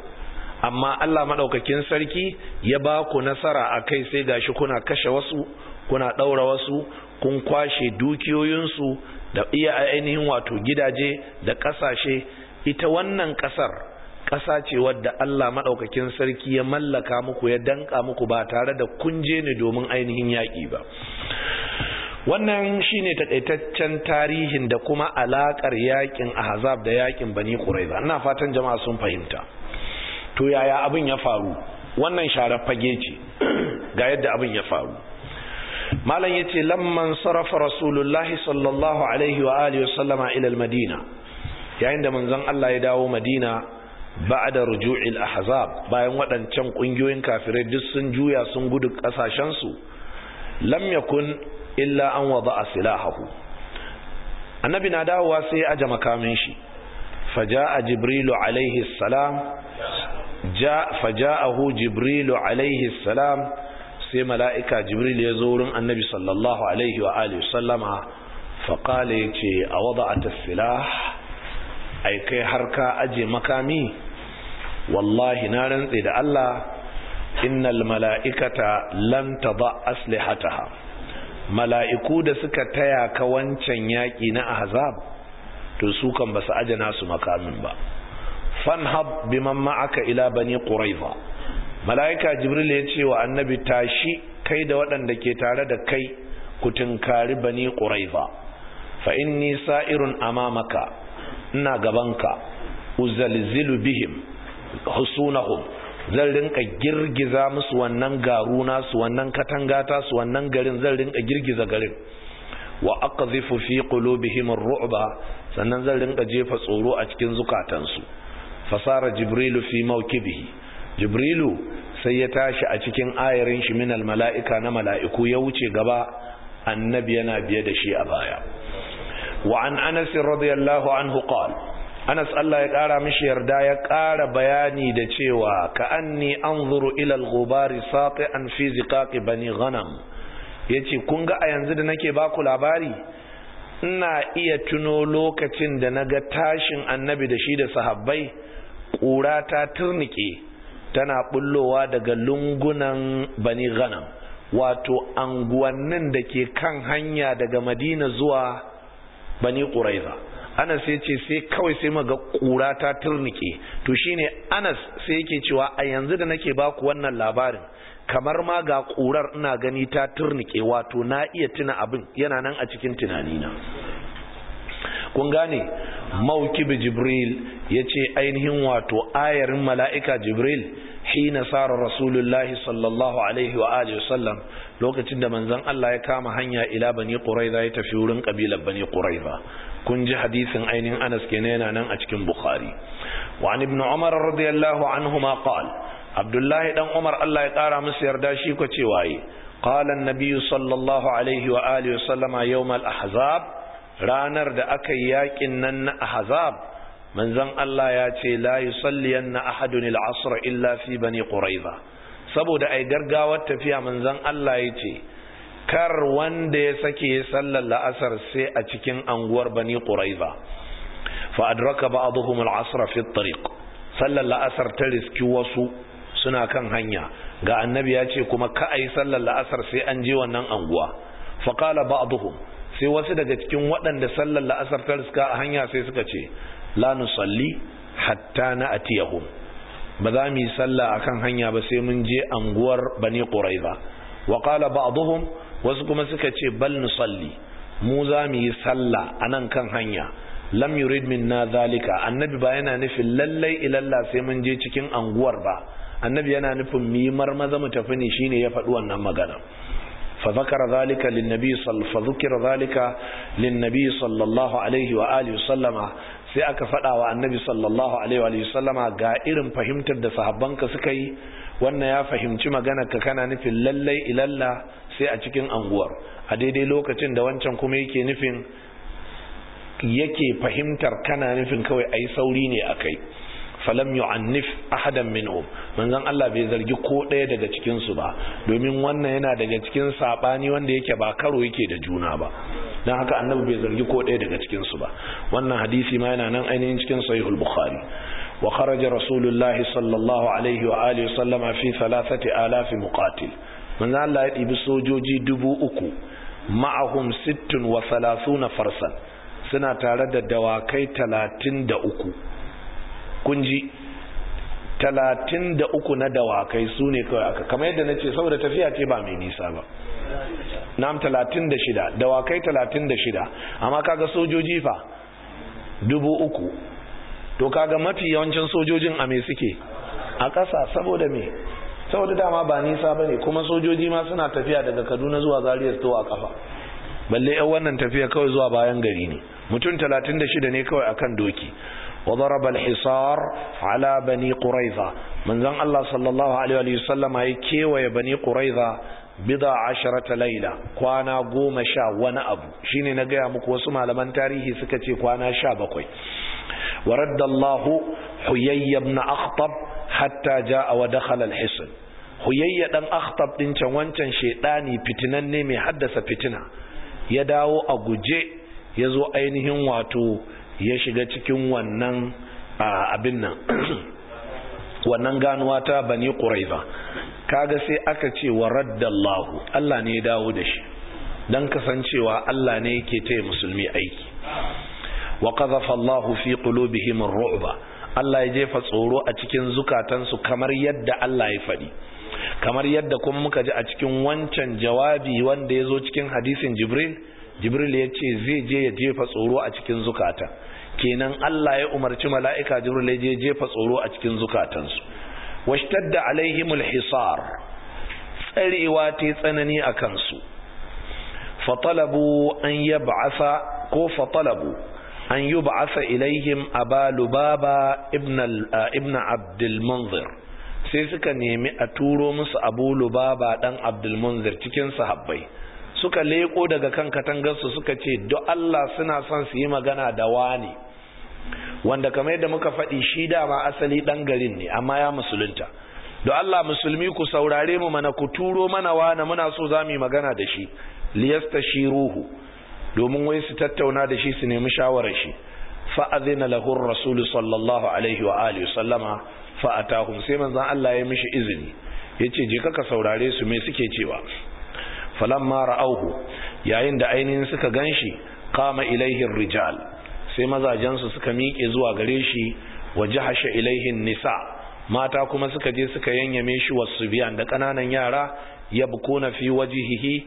amma Allah maɗaukakin sarki ya ba ku nasara a kai sai gashi kuna kashe wasu kuna ɗaura wasu kun kwashe dukiyoyinsu da iya ainihin wato gidaje da ƙasashe ita wannan ƙasar ƙasa ce wadda Allah maɗaukakin sarki ya mallaka muku ya danƙa muku ba tare da kunje ne domin ainihin yaƙi ba wannan shine taƙaitaccen tarihin da kuma alaƙar yaƙin ahzab da yaƙin bani Ƙurai ba. ina fatan jama'a sun fahimta to yaya abin ya faru wannan sharar fage ce ga yadda abin ya faru malam ce lamman sarrafa rasulullahi sallallahu alaihi wa alihi wasallama ilal madina yayin da manzon Allah ya dawo madina ba'da ruju'il ahzab bayan waɗancan ƙungiyoyin kafirai duk sun juya sun gudu ƙasashensu. su lam yakun illa an wada silahahu annabi na dawowa sai ya aje makamin shi faja'a jibrilu alaihi salam ja faja'ahu jibrilu alaihi salam sai mala'ika jibril ya zo wurin annabi sallallahu alaihi wa alihi sallama faqala yace a wada as-silah ai kai har ka aje makami wallahi na rantse da Allah innal mala'ikata lan tadha aslihataha mala'iku da suka taya ka wancan yaki na ahzab to su kan basu aje su makamin ba fanhab biman ma'aka ila bani quraiza mala'ika jibril ya ce wa annabi tashi kai da waɗanda ke tare da kai ku tunkari bani quraiza fa inni sa'irun amamaka ina gabanka uzalzilu bihim husunahum zan rinka girgiza musu wannan garuna nasu wannan katanga ta su wannan garin zan rinka girgiza garin wa aqdhifu fi qulubihim ar-ru'ba sannan zan rinka jefa tsoro a cikin zukatansu fasara jibrilu fi mawkibihi jibrilu sai ya tashi a cikin ayarin shi minal mala'ika na mala'iku ya wuce gaba annabi yana biye da shi a baya wa an anas radiyallahu anhu qala anas Allah ya ƙara mishi yarda ya ƙara bayani da cewa ka anni anzuru ilal gubari safe an fi ziqaqi bani ghanam ce kun ga a yanzu da nake ba ku labari ina iya tuno lokacin da na ga tashin annabi da shi da sahabbai ƙura ta turnike tana ɓullowa daga lungunan bani ghanam wato anguwannin da ke kan hanya daga madina zuwa bani ƙuraiza anas ya ce sai kawai sai maga kura ta turnike to shine anas sai yake cewa a yanzu da nake baku wannan labarin kamar ma ga kurar ina gani ta turnike wato na iya tuna abin yana nan a cikin tunani tunanina kun gane maukibi jibril ya ce ainihin wato ayarin mala'ika jibril hina sara rasulullahi sallallahu alaihi wa alihi sallam lokacin da manzon Allah ya kama hanya ila bani za ya tafi wurin kabilar bani ba. kun ji hadisin ainihin Anas kenan yana nan a cikin Bukhari wa an ibn Umar radiyallahu ma qala Abdullahi dan Umar Allah ya kara musu yarda shi ko cewa waye. qala an-nabiy sallallahu alaihi wa alihi wa sallama yawm al-ahzab ranar da aka yi yakin nan na ahzab manzon Allah ya ce la yusalliyanna ahadun al-asr illa fi bani quraiza saboda ai gargawar tafiya manzon Allah ya ce kar wanda ya sake sallar la'asar sai a cikin anguwar bani quraiza fa adraka ba'dhum al fi at-tariq sallar la'asar ta riski wasu suna kan hanya ga annabi ya ce kuma ka ayi sallar la'asar sai an je wannan anguwa fa qala ba'dhum sai wasu daga cikin waɗanda sallar la'asar ta riska a hanya sai suka ce la nusalli hatta na'tiyahum ba za mu yi sallah akan hanya ba sai mun je anguwar bani quraiza wa qala wasu kuma suka ce bal nusalli mu za mu yi sallah a nan kan hanya lam yurid zalika annabi ba yana nufin lallai ilalla sai mun je cikin anguwar ba annabi yana nufin mu yi marmaza mu tafi ne shine ya faɗi wannan magana fa zakara zalika lin nabi fa zukira zalika lin sallallahu alaihi wa alihi sallama sai aka faɗa wa annabi sallallahu alaihi wa sallama ga irin fahimtar da sahabbanka suka yi wannan ya fahimci magana ka kana nufin lallai ilalla sai a cikin anguwar a daidai lokacin da wancan kuma yake nufin yake fahimtar kana nufin kawai a yi sauri ne a kai falam yu'annif ahadan minhum manzon Allah bai zargi ko ɗaya daga cikin su ba domin wannan yana daga cikin sabani wanda yake ba karo yake da juna ba dan haka annabi bai zargi ko ɗaya daga cikin su ba wannan hadisi ma yana nan ainihin cikin sahihul bukhari wa kharaja rasulullahi sallallahu alaihi wa alihi sallama fi thalathati alafi muqatil manzo Allah ya ɗibi sojoji dubu uku ma'ahum sittin wa salasuna farsan suna tare da dawakai talatin da uku kunji talatin da uku na dawakai su ne kawai aka kamar yadda na ce saboda tafiya ce ba mai nisa ba nam talatin da shida dawakai talatin da shida amma kaga sojoji fa dubu uku to kaga mafi yawancin sojojin a me suke a ƙasa saboda me saboda dama ba nisa bane kuma sojoji ma suna tafiya daga Kaduna zuwa Zaria to a kafa balle yan wannan tafiya kawai zuwa bayan gari ne mutum 36 ne kawai akan doki wa daraba al-hisar ala bani quraiza manzon Allah sallallahu alaihi wa sallam ya kewaye bani quraiza bida asharata laila kwana goma sha wani abu shine na gaya muku wasu malaman tarihi suka ce kwana sha bakwai ورد الله حيي بن أخطب حتى جاء ودخل الحصن حيي دن أخطب دن شوان شن شيطاني فتنة نمي حدث فتنة يداو أقجي يزو أينهم واتو يشغل تكيون ونن nan wannan ganuwa ta bani ƙuraiza kaga sai aka ce wa raddallahu Allah ne ya dawo da shi don kasancewa Allah ne yake taya musulmi aiki wa qadhafa Allahu fi qulubihim ar-ru'ba Allah ya jefa tsoro a cikin zukatansu kamar yadda Allah ya faɗi kamar yadda kuma muka ji a cikin wancan jawabi wanda ya zo cikin hadisin Jibril Jibril ya ce zai je ya jefa tsoro a cikin zukata kenan Allah ya umarci mala'ika Jibril ya je jefa tsoro a cikin zukatansu washtadda alaihimul hisar tsarewa ta tsanani a kansu fatalabu an yab'asa ko fatalabu an yi ba'asa ilaihim aba lubaba ibn Abdulmanzir sai suka nemi a turo musu abu lubaba dan Abdulmanzir cikin sahabbai suka leko daga kan katangarsu suka ce do Allah suna son su yi magana da wani wanda kamar yadda muka faɗi shi dama asali ɗan garin ne amma ya musulunta do Allah musulmi ku saurare mu mana ku turo mana wani muna so za mu yi magana da shi liyasta shi ruhu domin wai su tattauna da shi su nemi shawarar shi fa azina lahu rasul sallallahu alaihi wa alihi sallama fa atahum sai manzon Allah ya mishi izini yace je ka saurare su me suke cewa falamma ra'awhu yayin da ainihin suka ganshi qama ilaihi rijal sai mazajen su suka miƙe zuwa gare shi wajahasha ilaihi nisa mata kuma suka je suka yanyame shi wasu biyan da ƙananan yara yabkuna fi wajihihi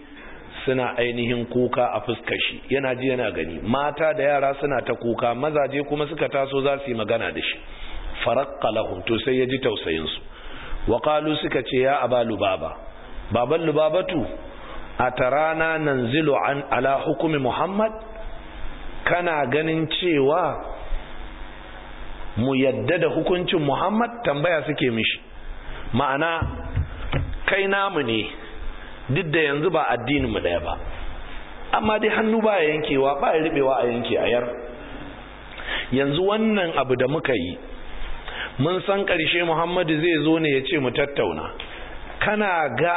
suna ainihin kuka a fuskar shi yana ji yana gani mata da yara suna ta kuka mazaje kuma suka taso za su yi magana da shi farakka to sai ya ji tausayin su wa qalu suka ce ya abalu lubaba baban lubabatu atarana nanzilu an ala hukumi muhammad kana ganin cewa mu yadda da hukuncin muhammad tambaya suke mishi ma'ana kai namu ne duk da yanzu ba addininmu mu daya ba amma dai hannu ba ya yankewa ba ya a yanke a yar yanzu wannan abu da muka yi mun san ƙarshe muhammadu zai zo ne ya ce mu tattauna kana ga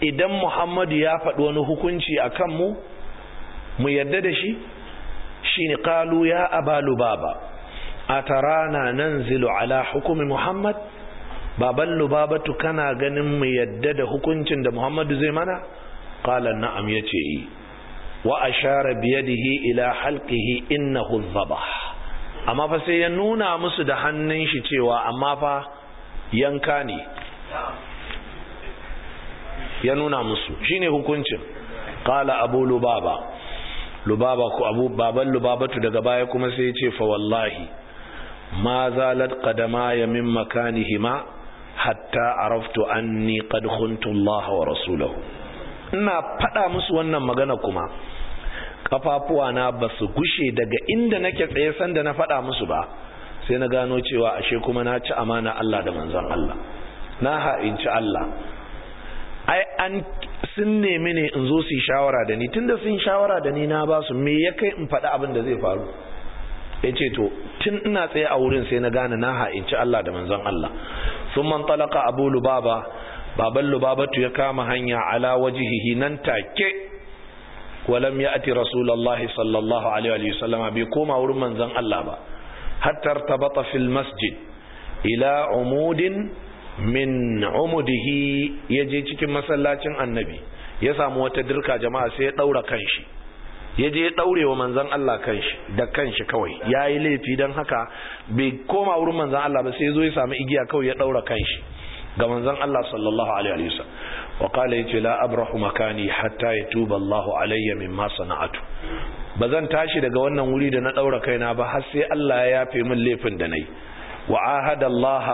idan muhammadu ya faɗi wani hukunci a kanmu mu yarda da shi shi ne ƙalu ya abalu baba a tara na nan zilu ala hukumi muhammad baban lubabatu kana ganin mu yadda da hukuncin da muhammadu zai mana qala na'am ya ce yi wa ashara da ila halqihi innahu ba. amma fa sai ya nuna musu da hannun shi cewa amma fa yanka ne ya nuna musu shine hukuncin qala abu lubaba lubaba ku abu baban lubabatu daga baya kuma sai ya ce fa wallahi ma zalat qadamaya min makanihima hatta araftu anni qad khuntu Allah wa rasulahu ina faɗa musu wannan magana kuma kafafuwa na basu gushe daga inda nake tsaye sanda na faɗa musu ba sai na gano cewa ashe kuma na ci amana Allah da manzon Allah na ha'inci Allah ai an sun nemi ne in zo su shawara da ni tunda sun shawara da ni na basu me ya kai in faɗi abin da zai faru ya ce to tun ina tsaye a wurin sai na gane na ha'inci Allah da manzon Allah sun man talaka abu lubaba baban lubabatu ya kama hanya ala wajihihi nan take walam ya ati rasulallah sallallahu alaihi wa sallama bai koma wurin manzon Allah ba hatta tabata fil masjid ila umudin min umudihi ya je cikin masallacin annabi ya samu wata dirka jama'a sai ya daura kanshi ya je daure wa manzan Allah kanshi da kanshi kawai ya yi laifi don haka bai koma wurin manzan Allah ba sai ya zo ya samu igiya kawai ya daura kanshi ga manzon Allah sallallahu alaihi wasallam wa qala yace la abrahu makani hatta yatuba Allahu alayya mimma sana'atu bazan tashi daga wannan wuri da na daura kaina ba har sai Allah ya yafe min laifin da nayi wa ahada Allah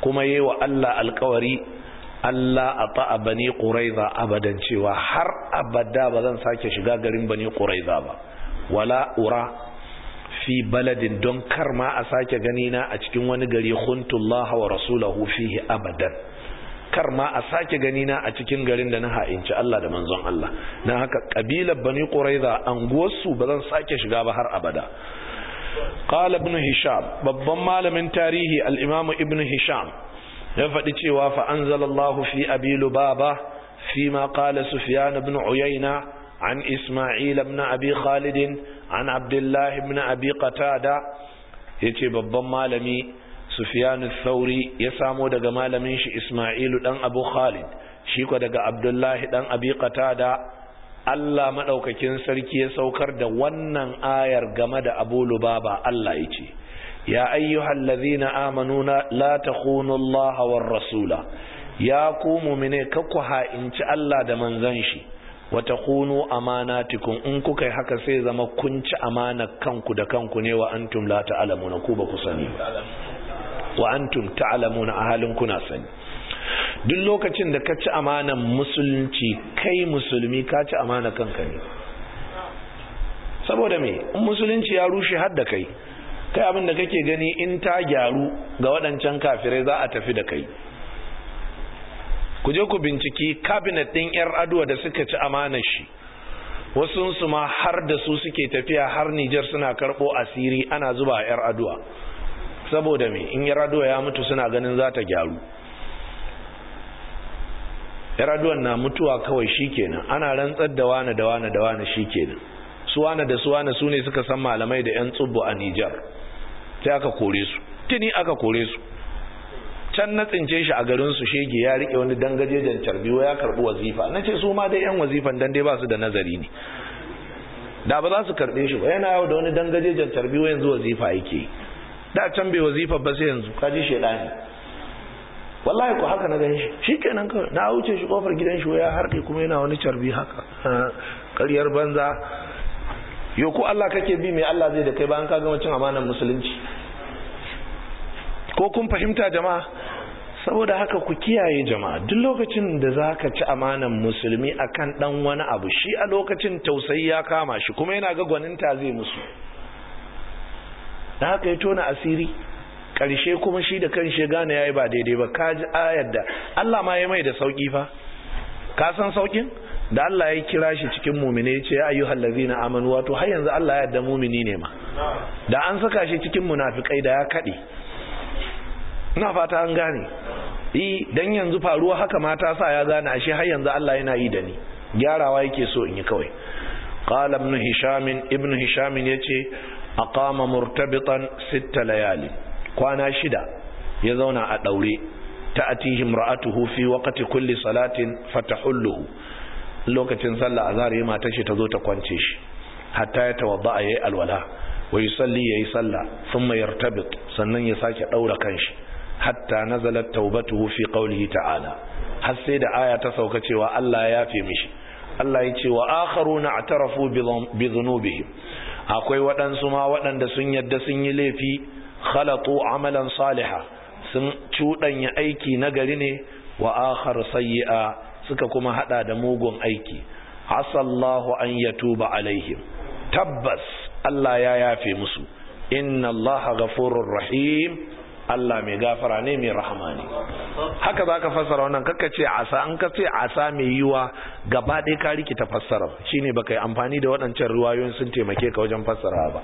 kuma yayi wa Allah alkawari. Allah a bani ƙuraiza abadan cewa har abada ba zan sake shiga garin bani ƙuraiza ba wala ura fi baladin don kar ma a sake ganina a cikin wani gari huntullah wa rasulahu fihi abadan kar ma a sake ganina a cikin garin da na ha'inci Allah da manzon Allah na haka kabilar bani ƙuraiza anguwarsu ba zan sake shiga ba har abada qala ibn hisham babban malamin tarihi al-imam ibn hisham Ya faɗi cewa fa anzalallahu fi abi lubaba fi ma qala sufyan ibn uyayna an isma'il ibn abi khalid an abdullah ibn abi qatada yace babban malami sufyan thauri ya samo daga malamin shi Isma'il dan abu khalid shi ko daga abdullah dan abi qatada Allah maɗaukakin sarki ya saukar da wannan ayar game da abu lubaba Allah ya يا أيها الذين آمنوا لا تخونوا الله والرسول يا قوم من ككها إن شاء الله دمن زنشي وتخونوا أماناتكم إنكو كي حكا سيزا ما كنت أمانة كنكو دكنكو ني وأنتم لا تعلمون كوبا كساني وأنتم تعلمون أهلكم ناسني duk lokacin da ka ci amanan musulunci kai musulmi ka ci amana kanka ne saboda me musulunci ya rushe har da kai kai abin da kake gani in ta gyaru ga waɗancan kafirai za a tafi da kai ku je ku binciki kabinet ɗin 'yar aduwa da suka ci amanar shi wasunsu ma har da su suke tafiya har Nijar suna karɓo asiri ana zuba a 'yar aduwa saboda me in 'yar aduwa ya mutu suna ganin za ta gyaru yar aduwan na mutuwa kawai shikenan ana rantsar da wani da wani da wani shikenan suwana da suwana su ne suka san malamai da 'yan tsubbu a nijar sai aka kore su tuni aka kore su can na tsince shi a garin su shege ya rike wani dangajejen carbiwa ya karbi wazifa na ce su ma dai yan wazifan dan dai ba su da nazari ne da ba za su karbe shi ba yana yau da wani dangajejen carbiwa yanzu wazifa yake da can bai wazifa ba sai yanzu kaji shedani wallahi ko haka na gani shi shikenan kawai na wuce shi kofar gidan shi ya harke kuma yana wani carbi haka ƙaryar banza yau ko Allah kake bi mai Allah zai da kai bayan ka gama cin amanar musulunci ko kun fahimta jama'a saboda haka ku kiyaye jama'a duk lokacin da za ka ci amanar musulmi akan ɗan wani abu shi a lokacin tausayi ya kama shi kuma yana ga gwaninta zai musu da haka ya tona asiri ƙarshe kuma shi da kan shi gane ya yi ba daidai ba ka ji ayar da Allah ma ya mai da sauƙi fa ka san sauƙin da Allah ya kira shi cikin mumine ce ya ayyuhal ladzina amanu wato har yanzu Allah ya yarda mumini ne ma da an saka shi cikin munafikai da ya kade ina fata an gane eh dan yanzu faruwa haka mata sa ya gane ashe har yanzu Allah yana yi da ni gyarawa yake so in yi kawai qala ibn hisham ibn hisham yace aqama murtabitan sitta layali kwana shida ya zauna a daure atihim ra'atuhu fi waqti kulli salatin fatahulluhu lokacin sallah azhar ya mata shi ta zo ta kwance shi hatta ya tawadda yayi alwala wai salli yayi sallah thumma yartabit sannan ya sake daura kanshi hatta nazalat taubatuhu fi qawlihi ta'ala har sai da aya ta sauka cewa Allah ya yafe mishi Allah ya ce wa akharuna atarafu bi dhunubihim akwai waɗansu ma waɗanda sun yadda sun yi laifi khalatu amalan saliha sun cuɗanya aiki nagari ne wa akhar sayyi'a suka kuma hada da mugun aiki hasallahu an tuba alaihim tabbas Allah ya yafe musu inna Allah gafurur rahim Allah mai gafara ne mai rahama ne haka za ka fassara wannan kaka ce asa an ka ce asa mai yiwa gaba ɗaya ka rikita fassara shine baka yi amfani da waɗancan yoyin sun taimake ka wajen fassara ba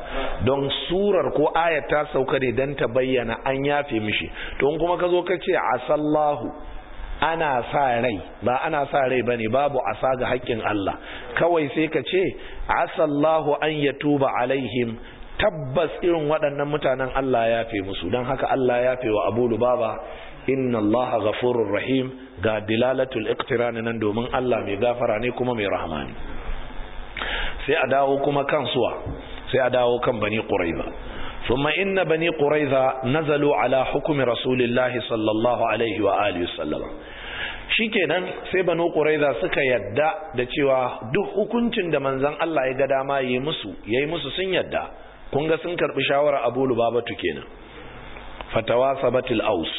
don surar ko ayat ta sauka ne don ta bayyana an yafe mishi to kuma ka zo ka ce asallahu ana sa rai ba ana sa rai bane babu asa ga haƙƙin Allah kawai sai ka ce asallahu an yatuba alaihim tabbas irin waɗannan mutanen Allah ya fi musu don haka Allah ya fi wa Abu Lubaba inna Allah ghafurur rahim ga dilalatul iqtiran nan domin Allah mai gafara ne kuma mai rahama ne sai a dawo kuma kan suwa sai a dawo kan bani quraiba ثم إن بني قريظة نزلوا على حكم رسول الله صلى الله عليه وآله وسلم shikenan sai banu quraiza suka yadda da cewa duk hukuncin da manzon Allah ya ga dama yi musu yayi musu sun yadda kun ga sun karbi shawara Abu Lubabatu kenan fatawa sabatil aus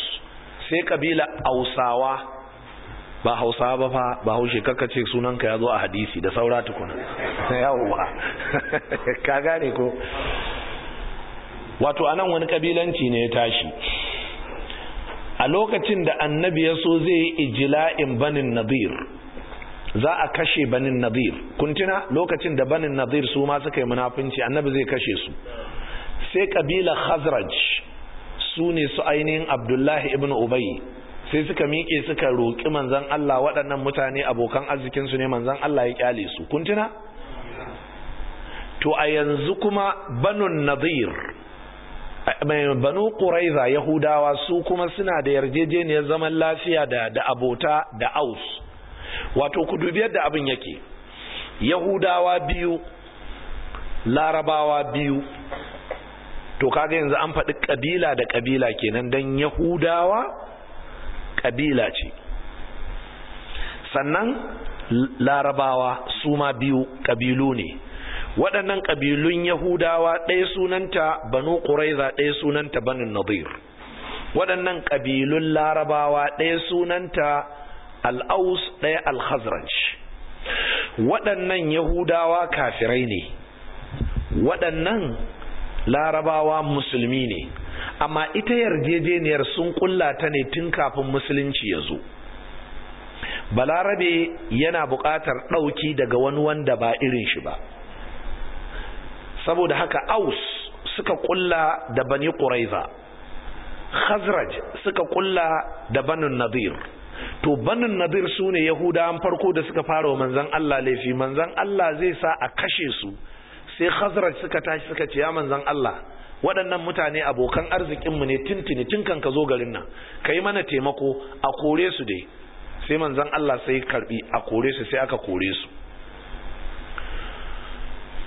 sai kabila ausawa ba hausa ba fa ba haushe kaka ce sunanka ya zo a hadisi da saura tukuna yawwa ka gane ko wato anan wani kabilanci ne ya tashi a lokacin da annabi ya so zai yi ijila'in banin nadir za a kashe banin nadir kuntina lokacin da banin nadir su ma suka yi munafunci annabi zai kashe su sai kabila khazraj su ne su ainihin abdullahi ibn ubay sai suka miƙe suka roƙi manzan Allah waɗannan mutane abokan arzikinsu ne manzan Allah ya kyale su kuntina to a yanzu kuma banun nadir banu ƙuraiza yahudawa su kuma suna da yarjejeniyar zaman lafiya da da abota da aus wato ku dubi yadda abin yake yahudawa biyu larabawa biyu to kaga yanzu an faɗi ƙabila da ƙabila kenan don yahudawa ƙabila ce sannan larabawa su ma biyu ƙabilu ne waɗannan ƙabilun yahudawa ɗaya sunanta banu ƙuraiza ɗaya sunanta banin nadir waɗannan ƙabilun larabawa ɗaya sunanta al'aus ɗaya al waɗannan yahudawa kafirai ne waɗannan larabawa musulmi ne amma ita yarjejeniyar sun kulla ta ne tun kafin musulunci ya zo balarabe yana buƙatar ɗauki daga wani wanda ba irin shi ba saboda haka aus suka kulla da bani ƙuraiza, khazraj suka kulla da banin nadir to banin nadir su ne yahudawan farko da suka fara wa manzan Allah laifi manzan Allah zai sa a kashe su sai khazraj suka tashi suka ce ya manzan Allah waɗannan mutane abokan arzikinmu ne tintini tun kan ka zo garin nan ka yi mana taimako a kore su dai sai manzan Allah sai karbi a kore su sai aka kore su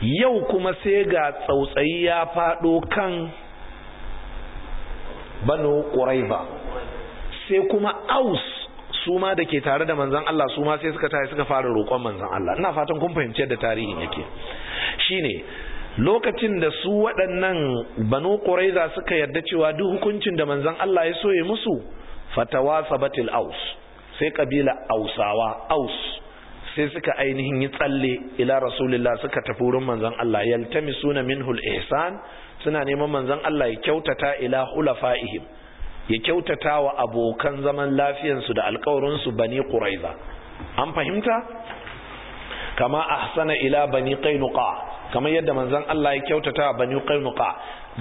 yau kuma sai ga tsautsayi ya faɗo kan banu ƙuraiba sai kuma aus su ma da ke tare da manzan Allah su ma sai suka tare suka fara roƙon manzan Allah ina fatan kun fahimci da tarihin yake shine lokacin da su waɗannan banu ƙuraiza suka yarda cewa duk hukuncin da manzan Allah ya so musu fatawa sabatil aus sai kabila ausawa aus sai suka ainihin yi tsalle ila rasulillah suka tafi wurin manzon Allah yaltamisuna minhul ihsan suna neman manzon Allah ya kyautata ila hulafaihim ya kyautata wa abokan zaman lafiyansu da alƙawarinsu bani quraiza an fahimta kama ahsana ila bani qainuqa kamar yadda manzon Allah ya kyautata wa bani qainuqa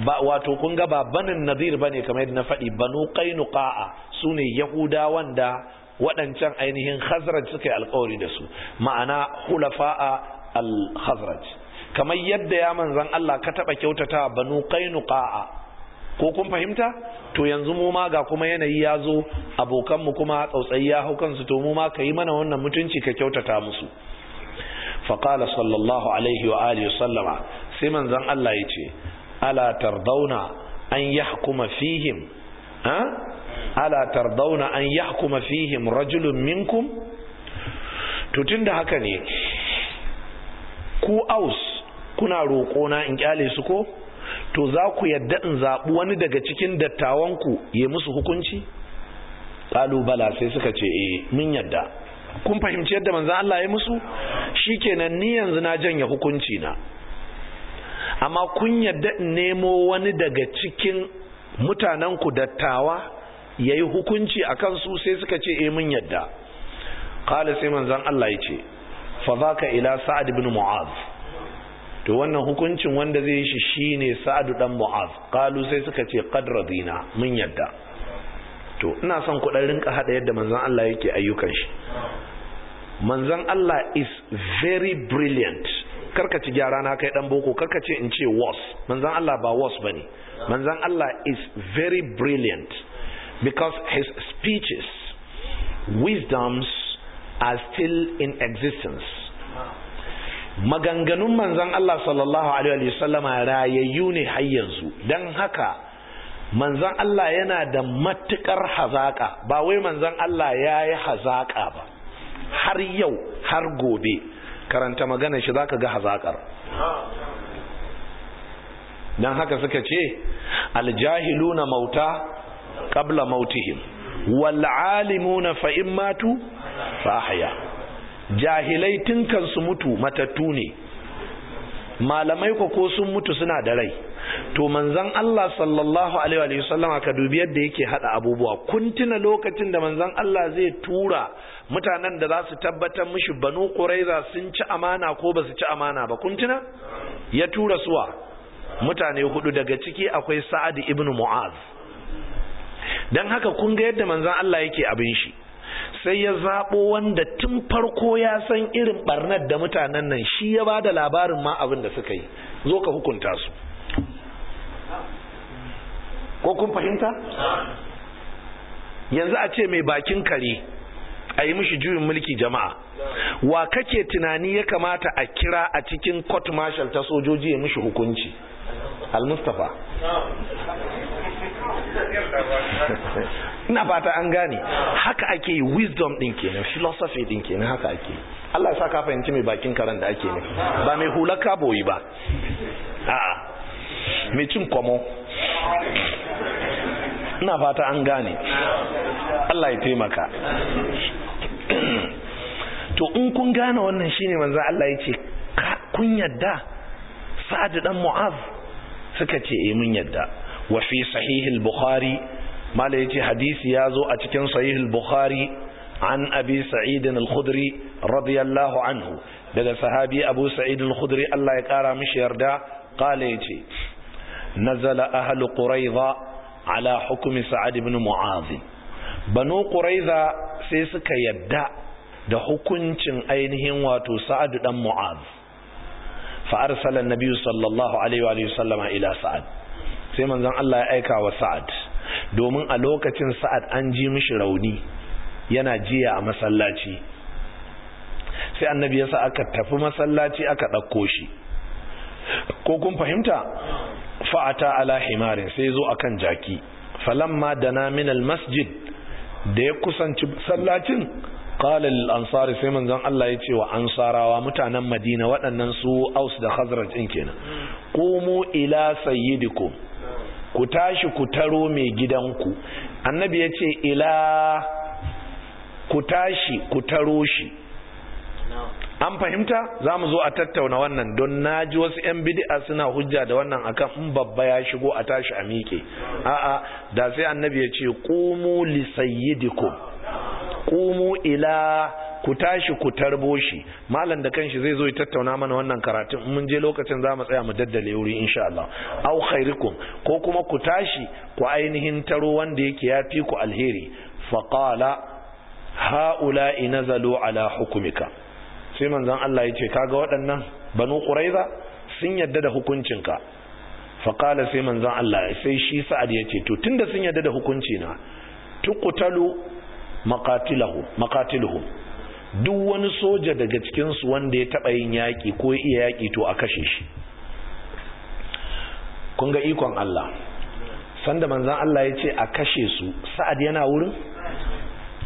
ba wato kun ga ba banin nadir bane kamar yadda na faɗi banu qainuqa sune yahudawan da waɗancan ainihin khazraj suka yi alkawari da su ma'ana hulafa'a al-khazraj kamar yadda ya manzan Allah ka taɓa kyautata banu qainuqa'a ko kun fahimta to yanzu mu ma ga kuma yanayi ya zo abokanmu kuma tsautsayi ya hau kansu to mu ma ka yi mana wannan mutunci ka kyautata musu faƙala sallallahu alaihi wa alihi sallama sai manzan Allah ya ce ala tardauna an yahkuma fihim ha ala tardauna an yahkuma fihim rajulun minkum to tunda haka ne ku aus kuna roko na in kyale su ko to za ku yadda in zaɓi wani daga cikin dattawanku ya musu hukunci ƙalubala sai suka ce eh mun yadda kun fahimci yadda manzan Allah ya musu shikenan ni yanzu na janye hukunci na amma kun yadda in nemo wani daga cikin mutanenku dattawa ya yi hukunci a kansu sai suka ce e mun yadda kala sai manzan Allah ya ce fa za ka ila sa'ad bin mu'az to wannan hukuncin wanda zai yi shi ne sa'ad dan mu'az kalu sai suka ce qad radina mun yadda to ina son ku dan rinka hada yadda manzan Allah yake ayyukan shi manzan Allah is very brilliant karka ci gyara na kai dan boko karka ce in ce was manzan Allah ba was bane manzan Allah is very brilliant because his speeches, wisdoms are still in existence. Maganganun manzan Allah sallallahu Alaihi wasallama rayayyu ne har yanzu, don haka manzan Allah yana da matuƙar hazaƙa, ba wai manzan Allah ya yi hazaƙa ba, har yau, har gobe, karanta magana shi za ka ga hazaƙar. Dan haka suka ce, aljahiluna mauta Kabla mautihim wal alimuna fa in matu jahilai tun kan su mutu matattu ne malamai ko ko sun mutu suna da rai to manzon Allah sallallahu alaihi wa sallama dubi yadda yake hada abubuwa kun tuna lokacin da manzon Allah zai tura mutanen da za su tabbatar mishi banu quraiza sun ci amana ko ba su ci amana ba kun ya tura suwa mutane hudu daga ciki akwai sa'ad ibn mu'az don haka kun ga yadda manzan Allah yake abin shi sai ya zaɓo wanda tun farko ya san irin barnar da mutanen nan shi ya ba da labarin ma abin da suka yi zo ka hukunta su ko kun fahimta yanzu a ce mai bakin kare a yi mishi juyin mulki jama'a wa kake tunani ya kamata a kira a cikin court martial ta sojoji ya mishi hukunci al-mustapha ina fata an gane haka ake yi wisdom din kenan philosophy din kenan haka ake yi Allah ya sa ka fahimci mai bakin karan da ake nufi ba mai hular kaboyi ba a'a mai cin kwamo ina fata an gane Allah ya taimaka to in kun gane wannan shine manzo Allah ya ce kun yadda sa'ad dan mu'az suka ce eh mun yadda Wafi fi bukhari mala yace hadisi ya zo a cikin sahihul al-bukhari an abi sa'id al-khudri radiyallahu anhu daga sahabi abu sa'id al-khudri Allah ya kara mishi yarda qala yace nazala ahlu quraiza ala hukmi sa'ad ibn mu'adh banu quraiza sai suka yadda da hukuncin ainihin wato sa'ad dan mu'adh fa arsala an sallallahu alaihi wa sallama ila sa'ad sai manzon Allah ya aika wa Sa'ad domin a lokacin Sa'ad an ji mishi rauni yana jiya a masallaci sai annabi ya sa aka tafi masallaci aka ɗauko shi ko kun fahimta fa'ata ala himarin sai zo akan jaki falamma dana min masjid da ya kusanci sallacin qala lil ansari sai manzon Allah ya ce wa ansarawa mutanen Madina waɗannan su Aus da Khazraj din kenan qumu ila sayyidikum ku tashi ku taro mai gidanku annabi ya ce ila ku tashi ku taro shi an fahimta za mu zo a tattauna wannan don na ji wasu 'yan bid'a suna hujja da wannan akan in babba ya shigo a tashi a miƙe a'a da sai annabi ya ce ƙumu qumu ila ku tashi ku tarbo shi malam da kanshi zai zo ya tattauna mana wannan karatun mun je lokacin za mu tsaya mu daddale wuri insha Allah aw khairukum ko kuma ku tashi ku ainihin taro wanda yake yafi ku alheri qala haula inzalu ala hukumika sai manzon Allah ya ce kaga waɗannan banu quraiza sun yadda da hukuncinka qala sai manzon Allah sai shi sa'ad ya ce to tunda sun yadda da hukunci na tuqtalu maqatiluhum duk wani soja daga cikinsu wanda ya taba yin yaki ko iya yaki to a kashe shi kun ga ikon Allah sanda manzan Allah ya ce a kashe su sa'ad yana wurin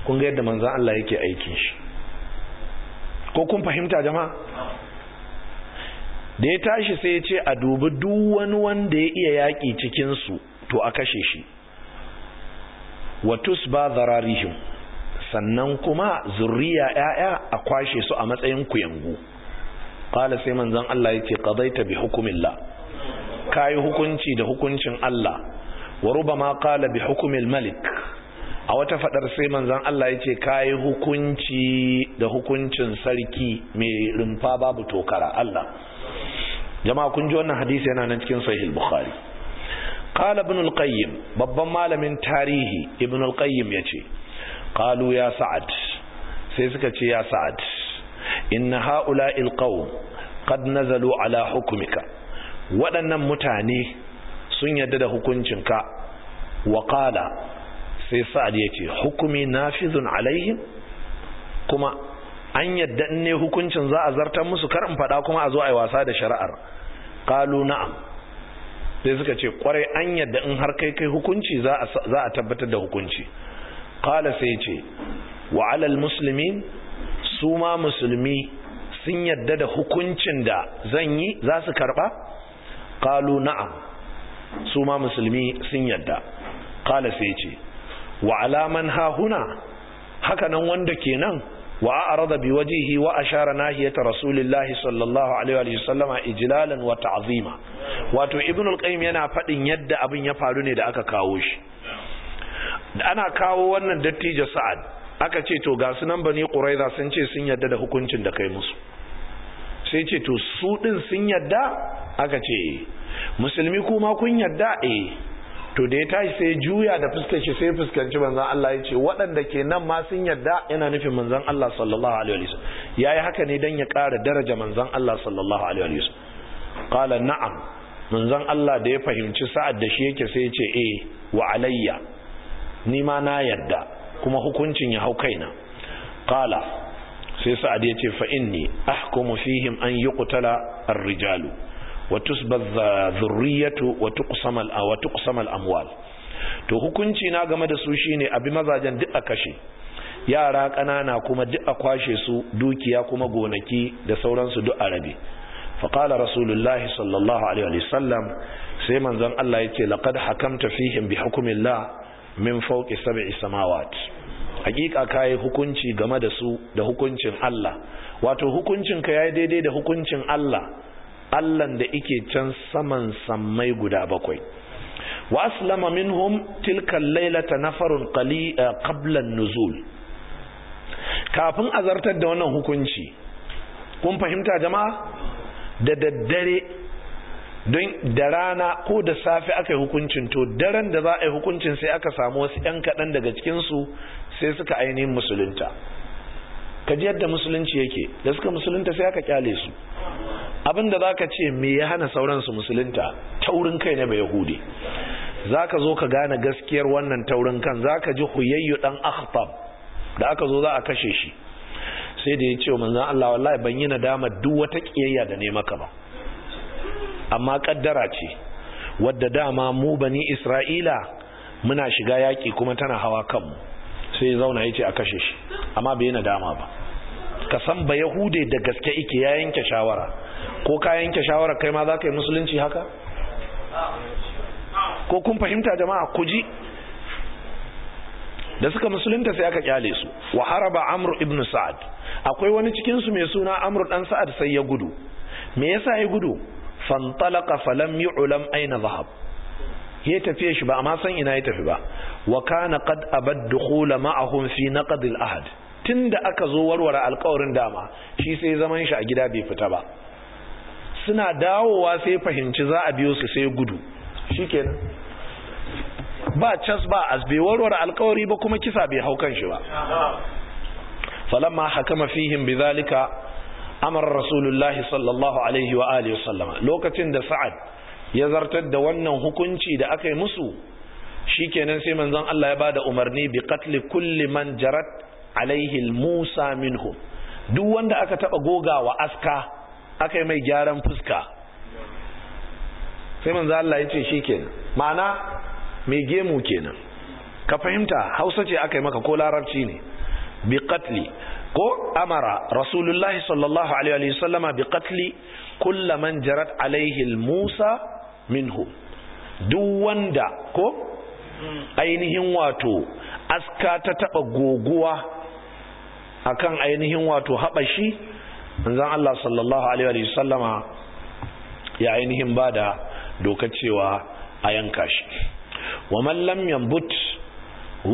kun ga yadda manzan Allah yake aikin shi ko kun fahimta jama'a da ya tashi sai ya ce a dubi duk wani wanda ya iya yaƙi cikinsu to a kashe shi watus ba zararihim sannan kuma zurriya ya'ya a kwashe su a matsayin ku kuyangu qala sai manzon Allah yace qadaita bi hukumillah kai hukunci da hukuncin Allah wa rubama qala bi hukumil malik a wata fadar sai manzon Allah yace kai hukunci da hukuncin sarki mai rumfa babu tokara Allah jama'a kun ji wannan hadisi yana nan cikin sahih bukhari qala ibn al-qayyim babban malamin tarihi ibn al-qayyim yace qalu ya sa'ad sai suka ce ya sa'ad inna ha'ula'il qawm qad nazalu ala hukmika waɗannan mutane sun yadda da hukuncinka wa qala sai sa'ad yace hukumi nafizun alaihim kuma an yadda ne hukuncin za a zartar musu karin fada kuma a zo a yi wasa da shari'ar qalu na'am sai suka ce kwarai an yadda in har kai kai hukunci za a tabbatar da hukunci qala sai ce wa alal muslimin su ma musulmi sun yadda da hukuncin da zan yi za su karba qalu na'am su ma musulmi sun yadda qala sai ce wa alaman hahuna haka nan wanda kenan wa arada bi wajihi wa ashara nahiyata rasulillahi sallallahu alaihi wa sallama ijlalan wa ta'zima wato ibnu al-qayyim yana fadin yadda abin ya faru ne da aka kawo shi ana kawo wannan dattijo sa'ad aka ce to ga su bani quraiza sun ce sun yadda da hukuncin da kai musu sai ce to su din sun yadda aka ce eh. musulmi kuma kun yadda eh to da ya tashi sai juya da fuskar shi sai fuskanci manzon Allah ya ce waɗanda ke nan ma sun yadda yana nufin manzon Allah sallallahu alaihi wasallam yayi haka ne dan ya ƙara daraja manzon Allah sallallahu alaihi wasallam qala na'am manzon Allah da ya fahimci sa'ad da shi yake sai ya ce eh wa alayya ni ma na yadda kuma hukuncin ya hau kaina kala sai sa'ad ya ce fa inni ahkumu fihim an yuqtala an rijalu wa tusba zurriyatu wa tuqsama wa tuqsama amwal to hukunci na game da su shine abi mazajen duk a kashe yara ƙanana kuma duk a kwashe su dukiya kuma gonaki da sauransu duk a rabe faƙala rasulullahi sallallahu alaihi wasallam sai manzon Allah ya ce laqad hakamta fihim bi hukmillah min fauki sab'i samawat hakika kai hukunci game da su da hukuncin Allah wato hukuncin ka yayi daidai da hukuncin Allah Allah da yake can saman sammai guda bakwai wa aslama minhum tilka laylata nafarun qali eh, qabla nuzul kafin azartar da wannan hukunci kun fahimta jama'a da daddare don da rana ko da safe aka yi hukuncin to daren da za a yi hukuncin sai aka samu wasu 'yan kaɗan daga cikinsu sai suka ainihin musulunta ka ji yadda musulunci yake da suka musulunta sai aka kyale su abin da za ka ce me ya hana sauran su musulunta taurin kai na mai yahudi za ka zo ka gane gaskiyar wannan taurin kan za ka ji huyayyu dan akhtab da aka zo za a kashe shi sai da ya ce wa manzan Allah wallahi ban yi nadama duk wata kiyayya da ne maka ba amma kaddara ce wadda dama mu bani isra'ila muna shiga yaki kuma tana hawa kanmu sai zauna ya ce a kashe shi amma bai yana dama ba ka san ba yahude da gaske ike ya yanke shawara ko ka yanke shawara kai ma za ka yi musulunci haka ko kun fahimta jama'a ku ji da suka musulunta sai aka kyale su wa haraba amru ibn sa'ad akwai wani cikin su mai suna amru dan sa'ad sai ya gudu me yasa ya gudu fantalaka falam yu'lam aina zahab ya tafiye shi ba amma san ina ya tafi ba wa kana qad abad dukhula ma'ahum fi naqd al ahad tunda aka zo warware alƙawarin dama shi sai zaman shi a gida bai fita ba suna dawowa sai fahimci za a biyo su sai gudu Shiken ba cas ba as bai warware alƙawari ba kuma kisa bai hau kan shi ba falamma hakama fihim bidhalika amara rasulullahi sallallahu alaihi wa alihi sallama lokacin da sa'ad ya zartar da wannan hukunci da aka yi musu shikenan sai manzon Allah ya bada umarni bi qatli kulli man jarat alaihi musa minhu duk wanda aka taba gogawa aska aka yi mai gyaran fuska sai manzon Allah ya ce shikenan ma'ana mai gemu kenan ka fahimta Hausa ce aka yi maka ko Larabci ne bi qatli ko amara rasulullahi sallallahu alaihi wasallama bi qatli kulla man jarat alaihi musa minhu duk wanda ko ainihin wato aska ta taba goguwa akan ainihin wato habashi manzon Allah sallallahu alaihi wasallama ya ainihin bada doka cewa a yanka shi wa man lam yambut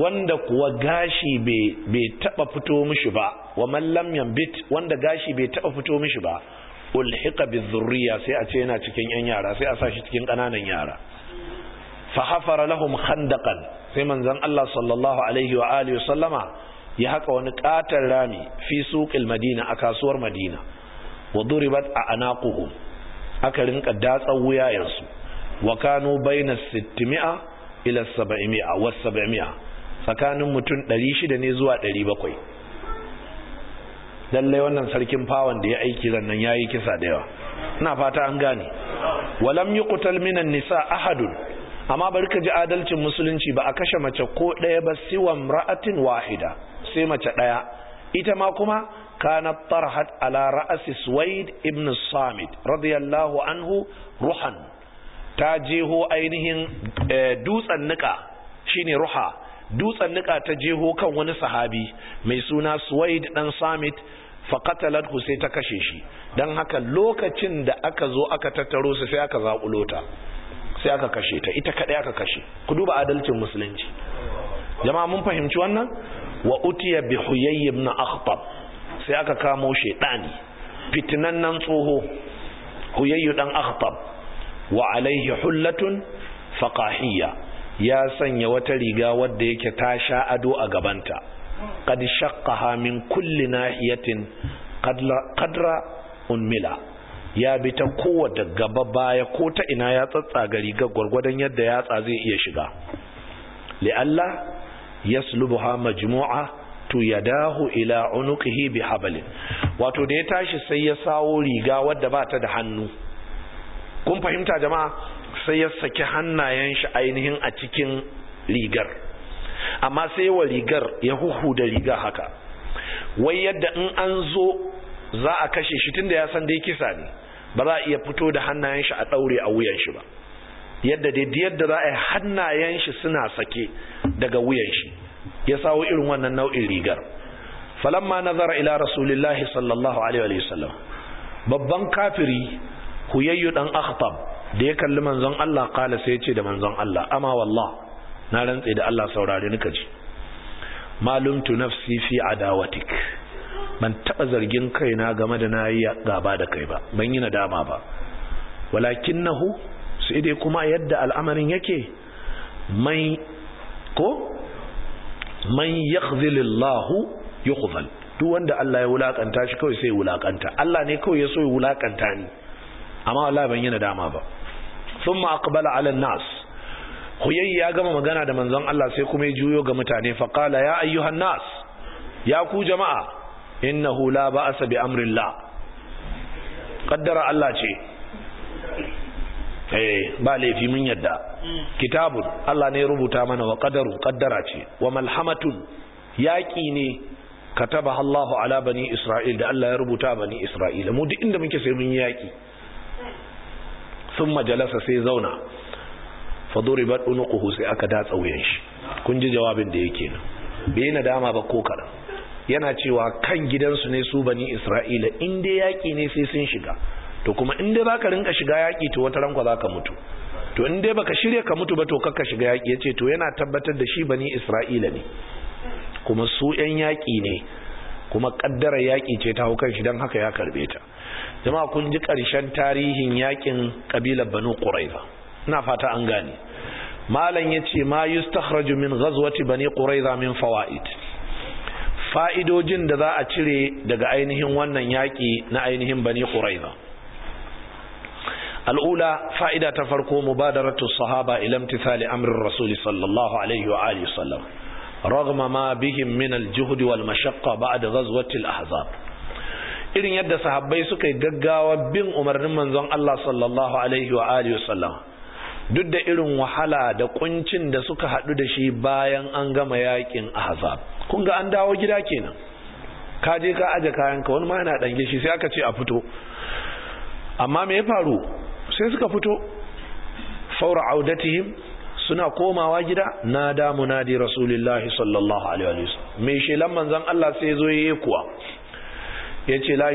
wanda kuwa gashi bai taba fito mishi ba wa mallam yambit wanda gashi bai taba fito mishi ba ulhiqa bi zurriya sai a ce yana cikin yan yara sai a sa shi cikin kananan yara fa hafara lahum khandaqan sai manzon Allah sallallahu alaihi wa alihi sallama ya haka wani katar rami fi suqil madina a kasuwar madina wa duribat a anaquhum aka rinka datsa wuyayensu wa kanu bayna 600 ila 700 wa 700 tsakanin mutum 600 ne zuwa 700 lallai wannan sarkin fawon da ya aiki zannan ya yi kisa da yawa ina fata an gane walam yi kutal minan nisa ahadun amma bari ka ji adalcin musulunci ba a kashe mace ko ɗaya ba siwan ra'atin wahida sai mace ɗaya ita ma kuma kana tarhat ala ra'asi suwaid ibn samit radiyallahu anhu ruhan ta jeho ainihin eh, dutsen nika shine ruha dutsen nika ta jeho kan wani sahabi mai suna suwaid dan samit faƙatalar sai ta kashe shi don haka lokacin da aka zo aka tattaro su sai aka zaƙulo ta sai aka kashe ta ita kaɗai aka kashe ku duba adalcin musulunci jama'a mun fahimci wannan wa utiya bi huyayy ibn akhtab sai aka kamo shaytani fitinannen tsoho huyayyu dan akhtab wa alaihi hullatun faqahiyya ya sanya wata riga wadda yake ta sha ado a gabanta kad shaqqaha min kulli nahiyatin qadra unmila ya bi ta kowace gaba baya ko ta ina ya tsatsaga rigar gwargwadon yadda yatsa zai iya shiga li'alla yaslubuha majmu'a tu yadahu ila unuqihi bi hablin wato da ya tashi sai ya sawo riga wadda ba ta da hannu kun fahimta jama'a sai ya saki hannayen shi ainihin a cikin rigar amma sai wa rigar ya huhu da riga haka wai yadda in an zo za a kashe shi tunda ya san dai kisa ne ba za a iya fito da hannayen shi a ɗaure a wuyan shi ba yadda dai yadda za a yi hannayen shi suna sake daga wuyan shi ya sawo irin wannan nau'in rigar falamma nazara ila rasulullahi sallallahu alaihi wa babban kafiri huyayyu dan akhtab da ya kalli manzon Allah kala sai ya ce da manzon Allah amma wallah na rantse da Allah saurare nika ji malumtu nafsi fi adawatik ban taba zargin kaina game da nayi gaba da kai ba ban yi nadama ba walakinahu sai dai kuma yadda al'amarin yake mai ko man yakhzilillahu yukhzal duk wanda Allah ya wulakanta shi kawai sai wulakanta Allah ne kawai ya so ya wulakanta ni amma Allah ban yi nadama ba thumma aqbala ala nas huyayyi ya gama magana da manzon Allah sai kuma ya juyo ga mutane fa ya ayyuhan nas ya ku jama'a innahu la ba'sa bi amrillah qaddara Allah ce eh ba laifi mun yadda kitabun Allah ne rubuta mana wa qadaru qaddara ce wa malhamatun yaqi ne kataba Allahu ala bani Isra'il da Allah ya rubuta bani Isra'il. mu duk inda muke sai mun yaqi sun majalasa sai zauna fadori ba ɗunukuhu sai aka datsa wuyan shi kun ji jawabin da yake nan bai na dama ba ko kara yana cewa kan gidansu ne su bani isra'ila in dai yaƙi ne sai sun shiga to kuma in dai baka rinka shiga yaƙi to wata ranka za ka mutu to in dai baka shirya ka mutu ba to kakka shiga yaƙi ya to yana tabbatar da shi bani isra'ila ne kuma su 'yan yaƙi ne kuma ƙaddarar yaƙi ce ta hau kan shi don haka ya karɓe ta jama'a kun ji ƙarshen tarihin yakin ƙabilar banu ƙuraiza ina fata an gane malam ya ce ma yustakhraju min ghazwati bani ƙuraiza min fawaid fa'idojin da za a cire daga ainihin wannan yaƙi na ainihin bani ƙuraiza al'ula fa'ida ta farko mubadaratu sahaba ila imtithali amrin rasuli sallallahu alaihi wa alihi sallam رغم ما بهم من الجهد والمشقة بعد غزوة irin yadda sahabbai suka yi gaggawa bin umarnin manzon Allah sallallahu alaihi wa alihi wasallam duk da irin wahala da kuncin da suka haɗu da shi bayan an gama yakin ahzab kun ga an dawo gida kenan ka je ka aje ka wani ma yana dange shi sai aka ce a fito amma me ya faru sai suka fito faura audatihim suna komawa gida na damu munadi rasulullahi sallallahu alaihi wasallam me shelan manzon Allah sai zo yayi kuwa yace la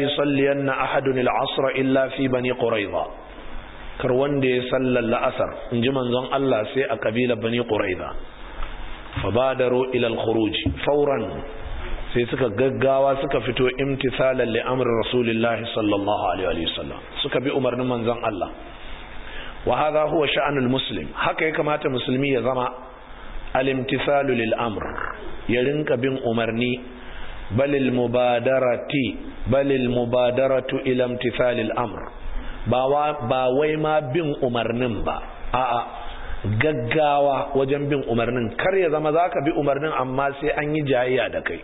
na ahadun al-asr illa fi bani quraiza kar wanda ya sallar la'asar in ji manzon Allah sai a kabila bani quraiza fabadaru ila al-khuruj Fauran sai suka gaggawa suka fito imtisalan li amri rasulillahi sallallahu alaihi suka bi umarnin manzon Allah wa sha'anul muslim haka ya kamata musulmi ya zama al lil amr ya rinka bin umarni بل المبادرة بل المبادرة إلى امتثال الأمر ba wai ma bin umarnin ba a'a gaggawa wajen bin umarnin kar ya zama za ka bi umarnin amma sai an yi jayayya da kai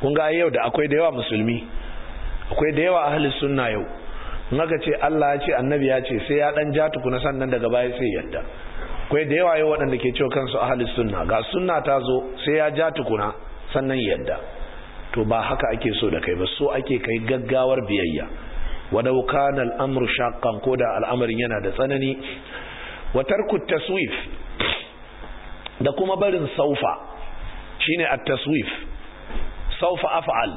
kun ga yau da akwai da yawa musulmi akwai da yawa ahli sunna yau naga ce Allah ya ce annabi ya ce sai ya dan ja tukuna sannan daga baya sai yadda akwai da yawa yau waɗanda ke cewa kansu ahli sunna ga sunna ta zo sai ya ja tukuna sannan yadda to ba haka ake so da kai ba so ake kai gaggawar biyayya wadau kana al'amru shaqqan ko da al'amarin yana da tsanani wa tarku taswif da kuma barin saufa shine at-taswif saufa af'al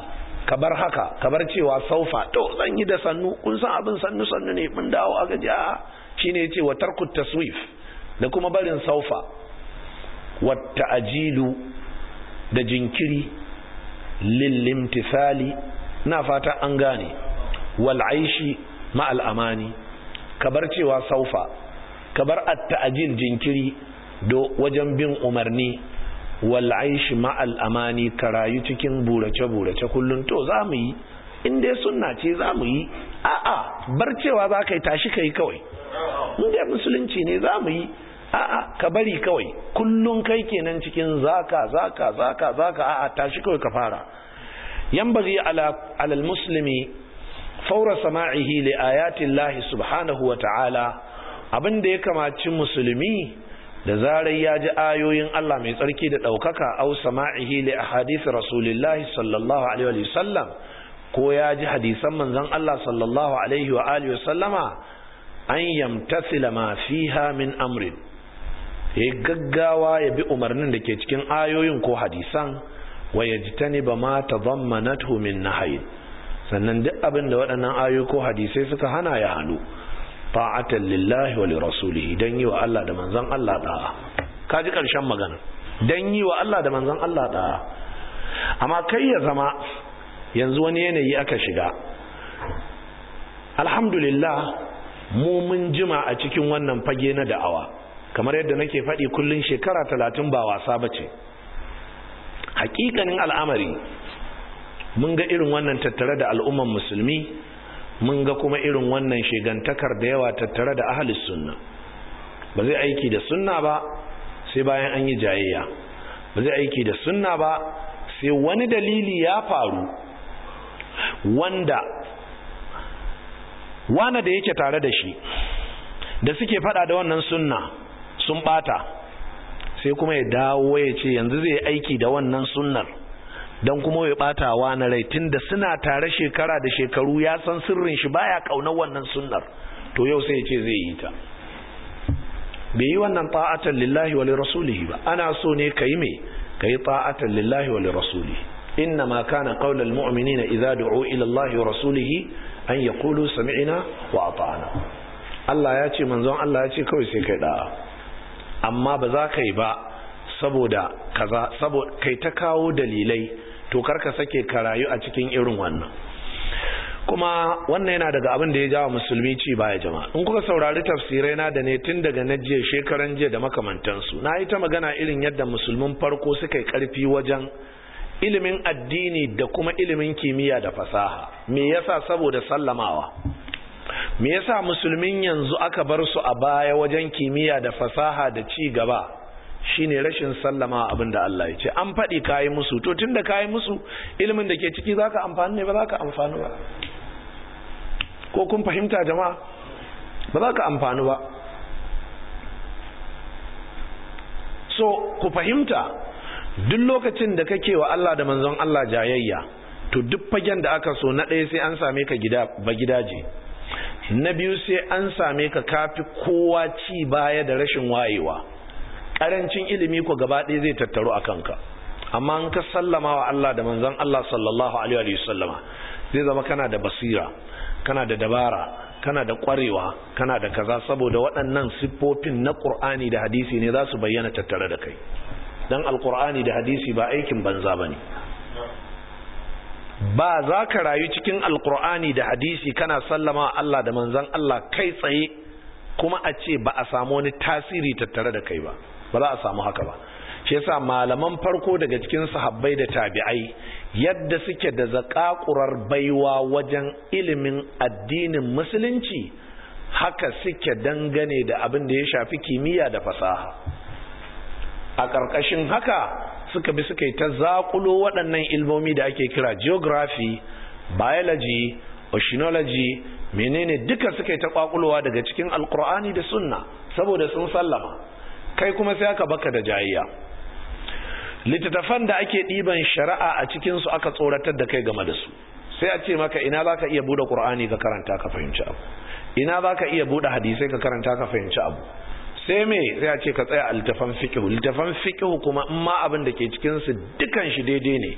kabar haka kabar cewa saufa to zan yi da sannu kun san abin sannu sannu ne mun dawo a gaji a shine yace wa tarku taswif da kuma barin saufa wa ta'jilu da jinkiri lillimtisali na fata an gane wal'aishi aishi ma'al amani kabar cewa saufa kabar at-ta'jil jinkiri do wajen bin umarni wal'aishi aishi ma'al amani karayu cikin burace burace kullum. to za mu yi in dai sunna ce za mu yi a'a bar cewa za ka yi tashi kai kawai in dai musulunci ne za mu yi a'a ka bari kawai kullun kai kenan cikin zaka zaka zaka zaka a'a tashi kawai ka fara yanbaghi ala alal muslimi fawra sama'ihi li ayati llahi subhanahu wa ta'ala abin da ya kamaci musulmi da zarar ya ji ayoyin Allah mai tsarki da ɗaukaka au sama'ihi li ahadith rasulillahi sallallahu alaihi wa sallam ko ya ji hadisan manzon Allah sallallahu alaihi wa alihi wa sallama an yamtasila ma fiha min amrin ya yi gaggawa ya bi umarnin da ke cikin ayoyin ko hadisan wa ya ji ta ba ma ta zama na tumin na hayin sannan duk abin da waɗannan ayoyi ko hadisai suka hana ya hannu ta'atan lillahi wa rasulihi don yi wa Allah da manzan Allah ɗaya. ka ji ƙarshen magana don yi wa Allah da manzan Allah ɗaya. amma kai ya zama yanzu wani yanayi aka shiga alhamdulillah mu mun jima a cikin wannan fage na da'awa kamar yadda nake faɗi kullun shekara talatin ba wasa ba ce hakikanin al'amari mun ga irin wannan tattare da al'umman musulmi mun ga kuma irin wannan shegantakar da yawa tattare da ahalis sunna ba zai aiki da sunna ba sai bayan an yi jayayya ba zai aiki da sunna ba sai wani dalili ya faru wanda wana da yake tare da shi da suke fada da wannan sunna sun bata sai kuma ya dawo ya ce yanzu zai aiki da wannan sunnar don kuma ya bata wa na rai tun da suna tare shekara da shekaru ya san sirrin shi baya kaunar wannan sunnar to yau sai ya ce zai yi ta bai yi wannan ta'atan lillahi wali rasulihi ba ana so ne ka yi mai ka yi ta'atan lillahi wa rasulihi إنما كان قول المؤمنين إذا sami'ina wa الله Allah Allah ya ce manzon Allah ya ce kawai sai kai da'a amma ba za ka yi ba saboda kaza saboda kai ta kawo dalilai to karka sake ka rayu a cikin irin wannan kuma wannan yana daga abin da ya wa musulmi ci baya jama'a in kuka saurari tafsirai na da ne tun daga na jiya shekaran jiya da makamantansu na yi ta magana irin yadda musulmin farko suka yi karfi wajen ilimin addini da kuma ilimin kimiyya da fasaha me yasa saboda sallamawa me yasa musulmin yanzu aka bar su a baya wajen kimiyya da fasaha da ci gaba shine rashin sallama abin da Allah ya ce an faɗi kayi musu to tunda kayi musu ilimin da ke ciki zaka amfani ne ba zaka amfani ba ko kun fahimta jama'a ba za ka amfani ba so ku fahimta duk lokacin da kake wa Allah da manzon Allah jayayya to duk fagen da aka so na ɗaya sai an same ka gida ba gidaje na biyu sai an same ka kafi kowa ci baya da rashin wayewa ƙarancin ilimi ko gaba ɗaya zai tattaru a kanka amma in ka sallama wa Allah da manzan, Allah sallallahu alaihi wa sallama zai zama kana da basira kana da dabara kana da ƙwarewa, kana da kaza saboda waɗannan siffofin na ƙur'ani da hadisi ne za su bayyana tattare da kai don alƙur'ani da hadisi ba aikin banza ba ne ba za ka rayu cikin alkur'ani da hadisi kana sallama Allah da manzan Allah kai tsaye kuma a ce ba a samu wani tasiri tattare da kai ba ba za a samu haka ba shi yasa malaman farko daga cikin sahabbai da tabi'ai yadda suke da zakakurar baiwa wajen ilimin addinin musulunci haka suke dangane da abin da ya shafi kimiyya da fasaha a ƙarƙashin haka suka bi suka yi ta zakulo waɗannan ilmomi da ake kira geography biology oceanology menene duka suka yi ta kwakulowa daga cikin alkur'ani da sunna saboda sun sallama kai kuma sai aka baka da jayayya littattafan da ake ɗiban shari'a a cikinsu aka tsoratar da kai game da su sai a ce maka ina za ka iya buɗe ƙur'ani ka karanta ka fahimci abu ina za ka iya buɗe hadisai ka karanta ka fahimci abu sai me sai ce ka tsaya a littafan fiqhu littafan fiqhu kuma in ma abin da ke cikin su dukan shi daidai ne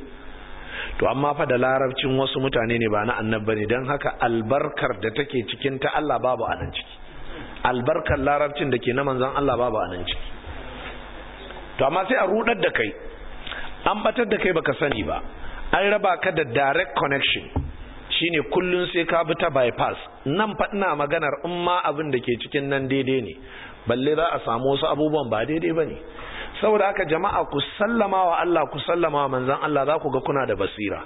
to amma fa da larabcin wasu mutane ne ba na annabba ne don haka albarkar da take cikin ta Allah babu a nan ciki albarkar larabcin da ke na manzan Allah babu a nan ciki to amma sai a rudar da kai an batar da kai baka sani ba an raba ka da direct connection shine kullun sai ka bi ta bypass nan fa ina maganar in ma abin da ke cikin nan daidai ne balle za a samu wasu abubuwan ba daidai ba ne saboda aka jama'a ku sallama wa Allah ku sallama wa manzan Allah za ku ga kuna da basira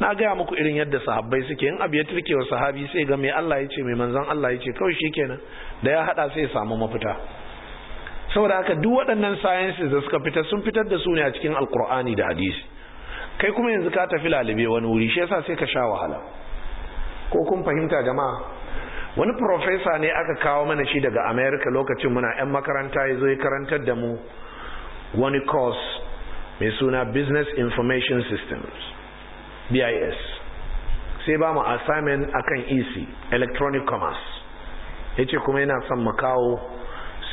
na gaya muku irin yadda sahabbai suke in abu ya turke wa sahabi sai ga mai Allah ya ce mai manzan Allah ya ce kawai nan. da ya haɗa sai ya samu mafita saboda aka duk waɗannan sayensis da suka fitar sun fitar da su ne a cikin alkur'ani da hadisi kai kuma yanzu ka tafi lalube wani wuri shi yasa sai ka sha wahala ko kun fahimta jama'a wani profesa ne aka kawo mana shi daga america lokacin muna 'yan makaranta ya zo ya karantar da mu wani course mai suna business information systems bis sai ba mu assignment akan ec electronic commerce ya ce kuma yana son makaho.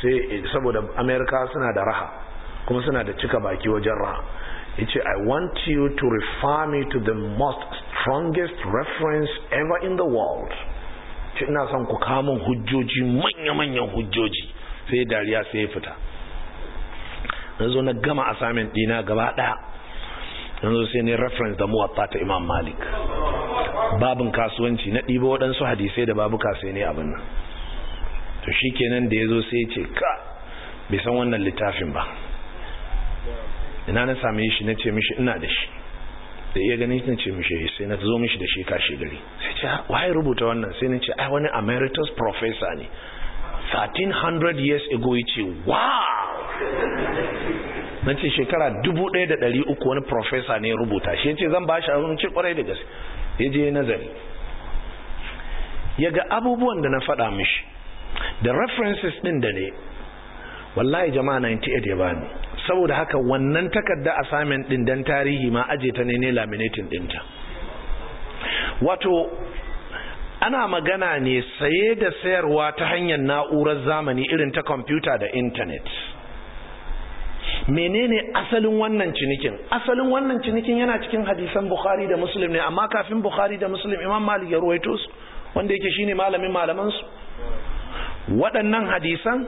sai saboda america suna da raha kuma suna da cika baki wajen raha ya ce i want you to refer me to the most strongest reference ever in the world ce ina son ku kamun hujjoji manya-manyan hujjoji sai dariya sai ya fita na zo na gama assignment dina gaba daya yanzu sai ne reference da muwatta ta imam malik babin kasuwanci na ɗiba waɗansu hadisai da babu sai ne abin nan to shi kenan da ya zo sai ce ka bai san wannan littafin ba ina na same shi na ce mishi ina da shi sai ya gani kin ce mishi eh, sai na zo mishi da shi kashi gari sai ce ah, wai rubuta wannan sai nace ai wani emeritus professor ne 1300 years ago ya ce wow ce shekara 1300 wani professor ne rubuta shi ya ce zan bashi abin ce kwarai da gaske yaje nazari ga abubuwan da na faɗa mishi da references din da ne wallahi jama'a 98 ya bani saboda haka wannan takarda assignment din dan tarihi ma aje ta ne ne laminating dinta wato ana magana ne saye da sayarwa ta hanyar na'urar zamani irin ta kwamfuta da intanet menene asalin wannan cinikin asalin wannan cinikin yana cikin hadisan bukhari da muslim ne amma kafin bukhari da muslim imam malik ya ruwaito su wanda yake shine malamin malaman su waɗannan hadisan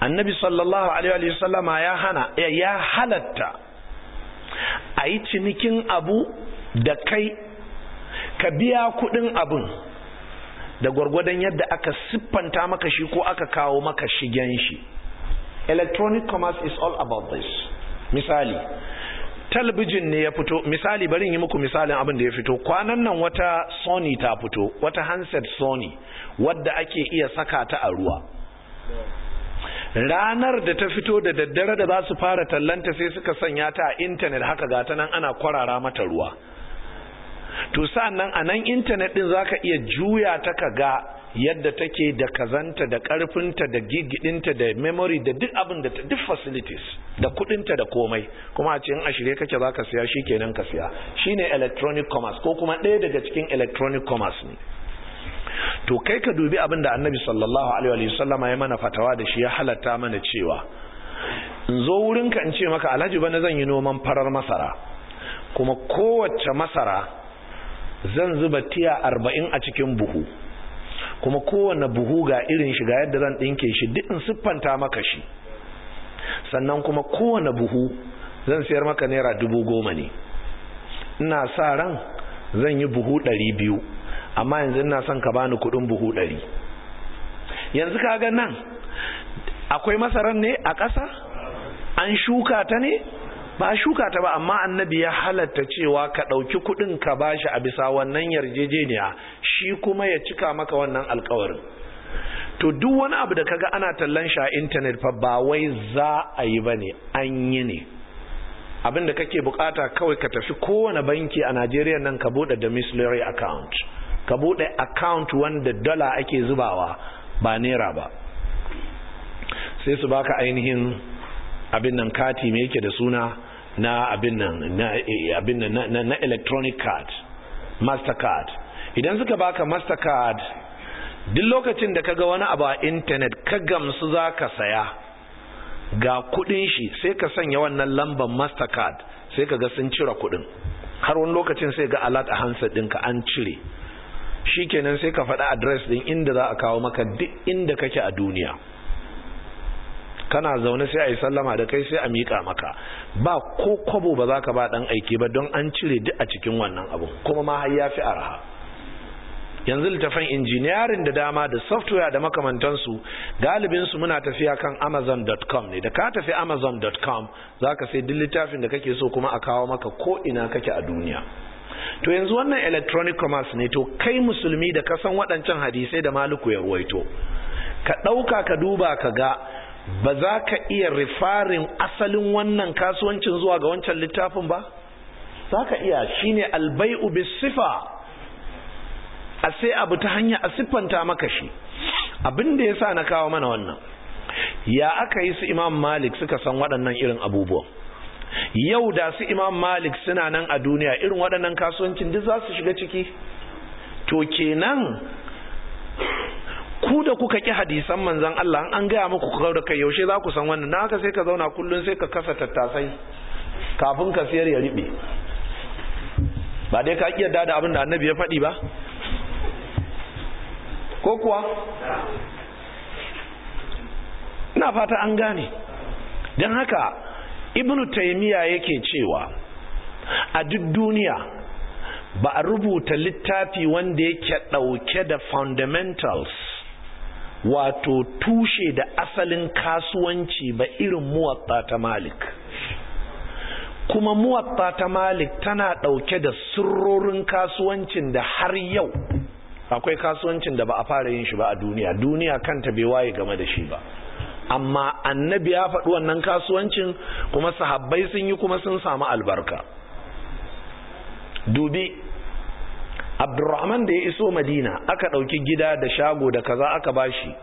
annabi sallallahu alaihi sallama ya hana ya halatta a yi cinikin abu da kai ka biya kudin abun da gwargwadon yadda aka siffanta maka shi ko aka kawo maka shigen shi electronic commerce is all about this misali talbijin ne ya fito misali bari yi muku misalin abin da ya fito kwanan nan wata sony ta fito wata handset sony wadda ake iya saka ta a ruwa ranar da ta fito da daddare da za su fara tallanta sai suka sanya ta a intanet haka gata nan ana kwarara mata ruwa to sa'annan a nan intanet din ka iya juya ta ka ga yadda take da kazanta da karfinta da gigidinta da memory da duk abin da ta duk facilities da kudinta da komai kuma a cikin ashirye kake zaka siya shi shikenan ka siya shine electronic commerce ko kuma ɗaya daga cikin electronic commerce ne to kai ka dubi abin da annabi sallallahu alaihi sallama ya mana fatawa da shi ya halatta mana cewa in zo ka in ce maka alhaji bana zan yi noman farar masara kuma kowace masara zan zuba tiya arba'in a cikin buhu kuma kowane buhu ga irin shi ga yadda zan ɗinke shi duk in siffanta maka shi sannan kuma kowane buhu zan sayar maka naira dubu goma ne ina sa ran zan yi buhu ɗari biyu amma yanzu ina son ka bani kudin buhu ɗari yanzu ka kaga nan akwai masaran ne a ƙasa an shuka ta ne ba shuka ta ba amma annabi ya halatta cewa ka ɗauki kudin ka bashi a bisa wannan yarjejeniya shi kuma ya cika maka wannan alkawarin to duk wani abu da kaga ana tallan shi a intanet fa ba wai za a yi bane an yi ne abin da kake bukata kawai ka tafi kowane banki a Najeriya nan ka buɗe da account ka bude account wanda dala ake zubawa ba naira ba sai su baka ainihin abin nan kati me yake da suna na abin nan na eh, abin nan na electronic card mastercard idan suka baka mastercard duk lokacin da kaga wani abu a intanet ka gamsu zaka saya ga kudin shi sai ka sanya wannan lambar mastercard sai ka ga sun cire kudin har wani lokacin sai ga alat a hansa ɗinka an cire Shi kenan sai ka faɗi adres din inda za a kawo maka duk inda kake a duniya kana zaune sai a yi sallama da kai sai a miƙa maka ba ko kwabo ba za ka ba ɗan aiki ba don an cire duk a cikin wannan abu kuma ma har ya fi arha yanzu littafan injiniyarin da dama da software da makamantansu galibinsu muna tafiya kan amazon.com ne da ka tafi amazon.com za ka sai duk littafin da kake so kuma a kawo maka ko ina kake a duniya to yanzu wannan electronic commerce ne to kai musulmi da ka san waɗancan hadisai da maluku ya ruwaito ka ɗauka ka duba ka ga ba za ka iya rifarin asalin wannan kasuwancin zuwa ga wancan littafin ba za ka iya Shi ne albai'u bis sifa a sai abu ta hanya a siffanta maka shi abin da ya sa na kawo mana wannan ya aka yi su imam malik suka san waɗannan irin abubuwan yau da su imam malik suna nan a duniya irin waɗannan kasuwancin duk za su shiga ciki to kenan ku da kuka ƙi hadisan manzan Allah an gaya muku ku da kai yaushe za ku san wannan na haka sai ka zauna kullum sai ka kasa tattasai kafin ka siyar ya riɓe ba dai ka yadda da abin da annabi ya faɗi ba ko kuwa ina fata an gane don haka ibnu taimiya yake cewa a duk duniya ba a rubuta littafi wanda yake ɗauke da fundamentals wato tushe da asalin kasuwanci ba irin muwatta ta malik kuma muwatta ta malik tana ɗauke da sirrorin kasuwancin da har yau akwai kasuwancin da ba a fara yin shi ba a duniya duniya kanta bai waye game da shi ba amma annabi ya faɗi wannan kasuwancin kuma sahabbai sun yi kuma sun samu albarka dubi abdurrahman da ya iso madina aka ɗauki gida da shago da kaza aka bashi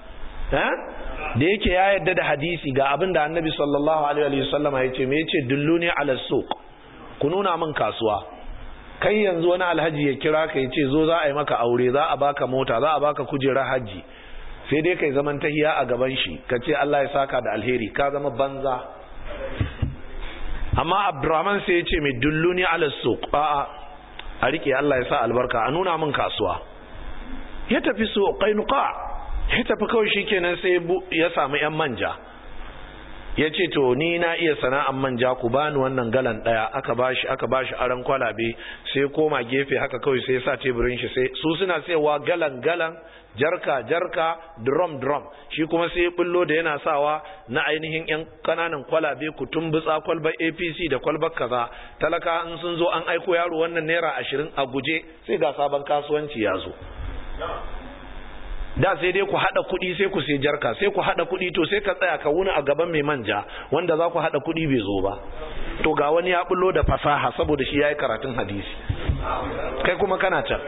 da yake ya yadda da hadisi ga abin da annabi sallallahu alaihi wasallam ya ce me yace dulluni ala suq ku nuna min kasuwa kai yanzu wani alhaji ya kira ka ya ce zo za a yi maka aure za a baka mota za a baka kujerar hajji sai dai kai zaman tahiya a gaban shi kace ce Allah ya saka da alheri ka zama banza amma abdurrahman sai ya ce mai dulluni ala suq a'a a rike Allah ya sa albarka a nuna min kasuwa ya tafi su qainuqa ya tafi kawai shikenan sai ya samu yan manja ya ce to ni na iya sana'an manja ku bani wannan galan ɗaya aka bashi aka bashi aran kwalabe sai koma gefe haka kawai sai sa teburin shi sai su suna sayawa galan galan jarka jarka drum drum shi kuma sai ya bullo da yana sawa na ainihin yan kananan kwalabe ku tumbutsa kwalbar apc da kwalbar kaza talaka in sun zo an aiko yaro wannan naira ashirin a guje sai ga sabon kasuwanci ya zo da sai dai ku hada kuɗi sai ku sai jarka sai ku hada kuɗi to sai ka tsaya ka wuni a gaban mai manja wanda za ku hada kuɗi bai zo ba to ga wani ya bullo da fasaha saboda shi yayi karatun hadisi kai kuma kana can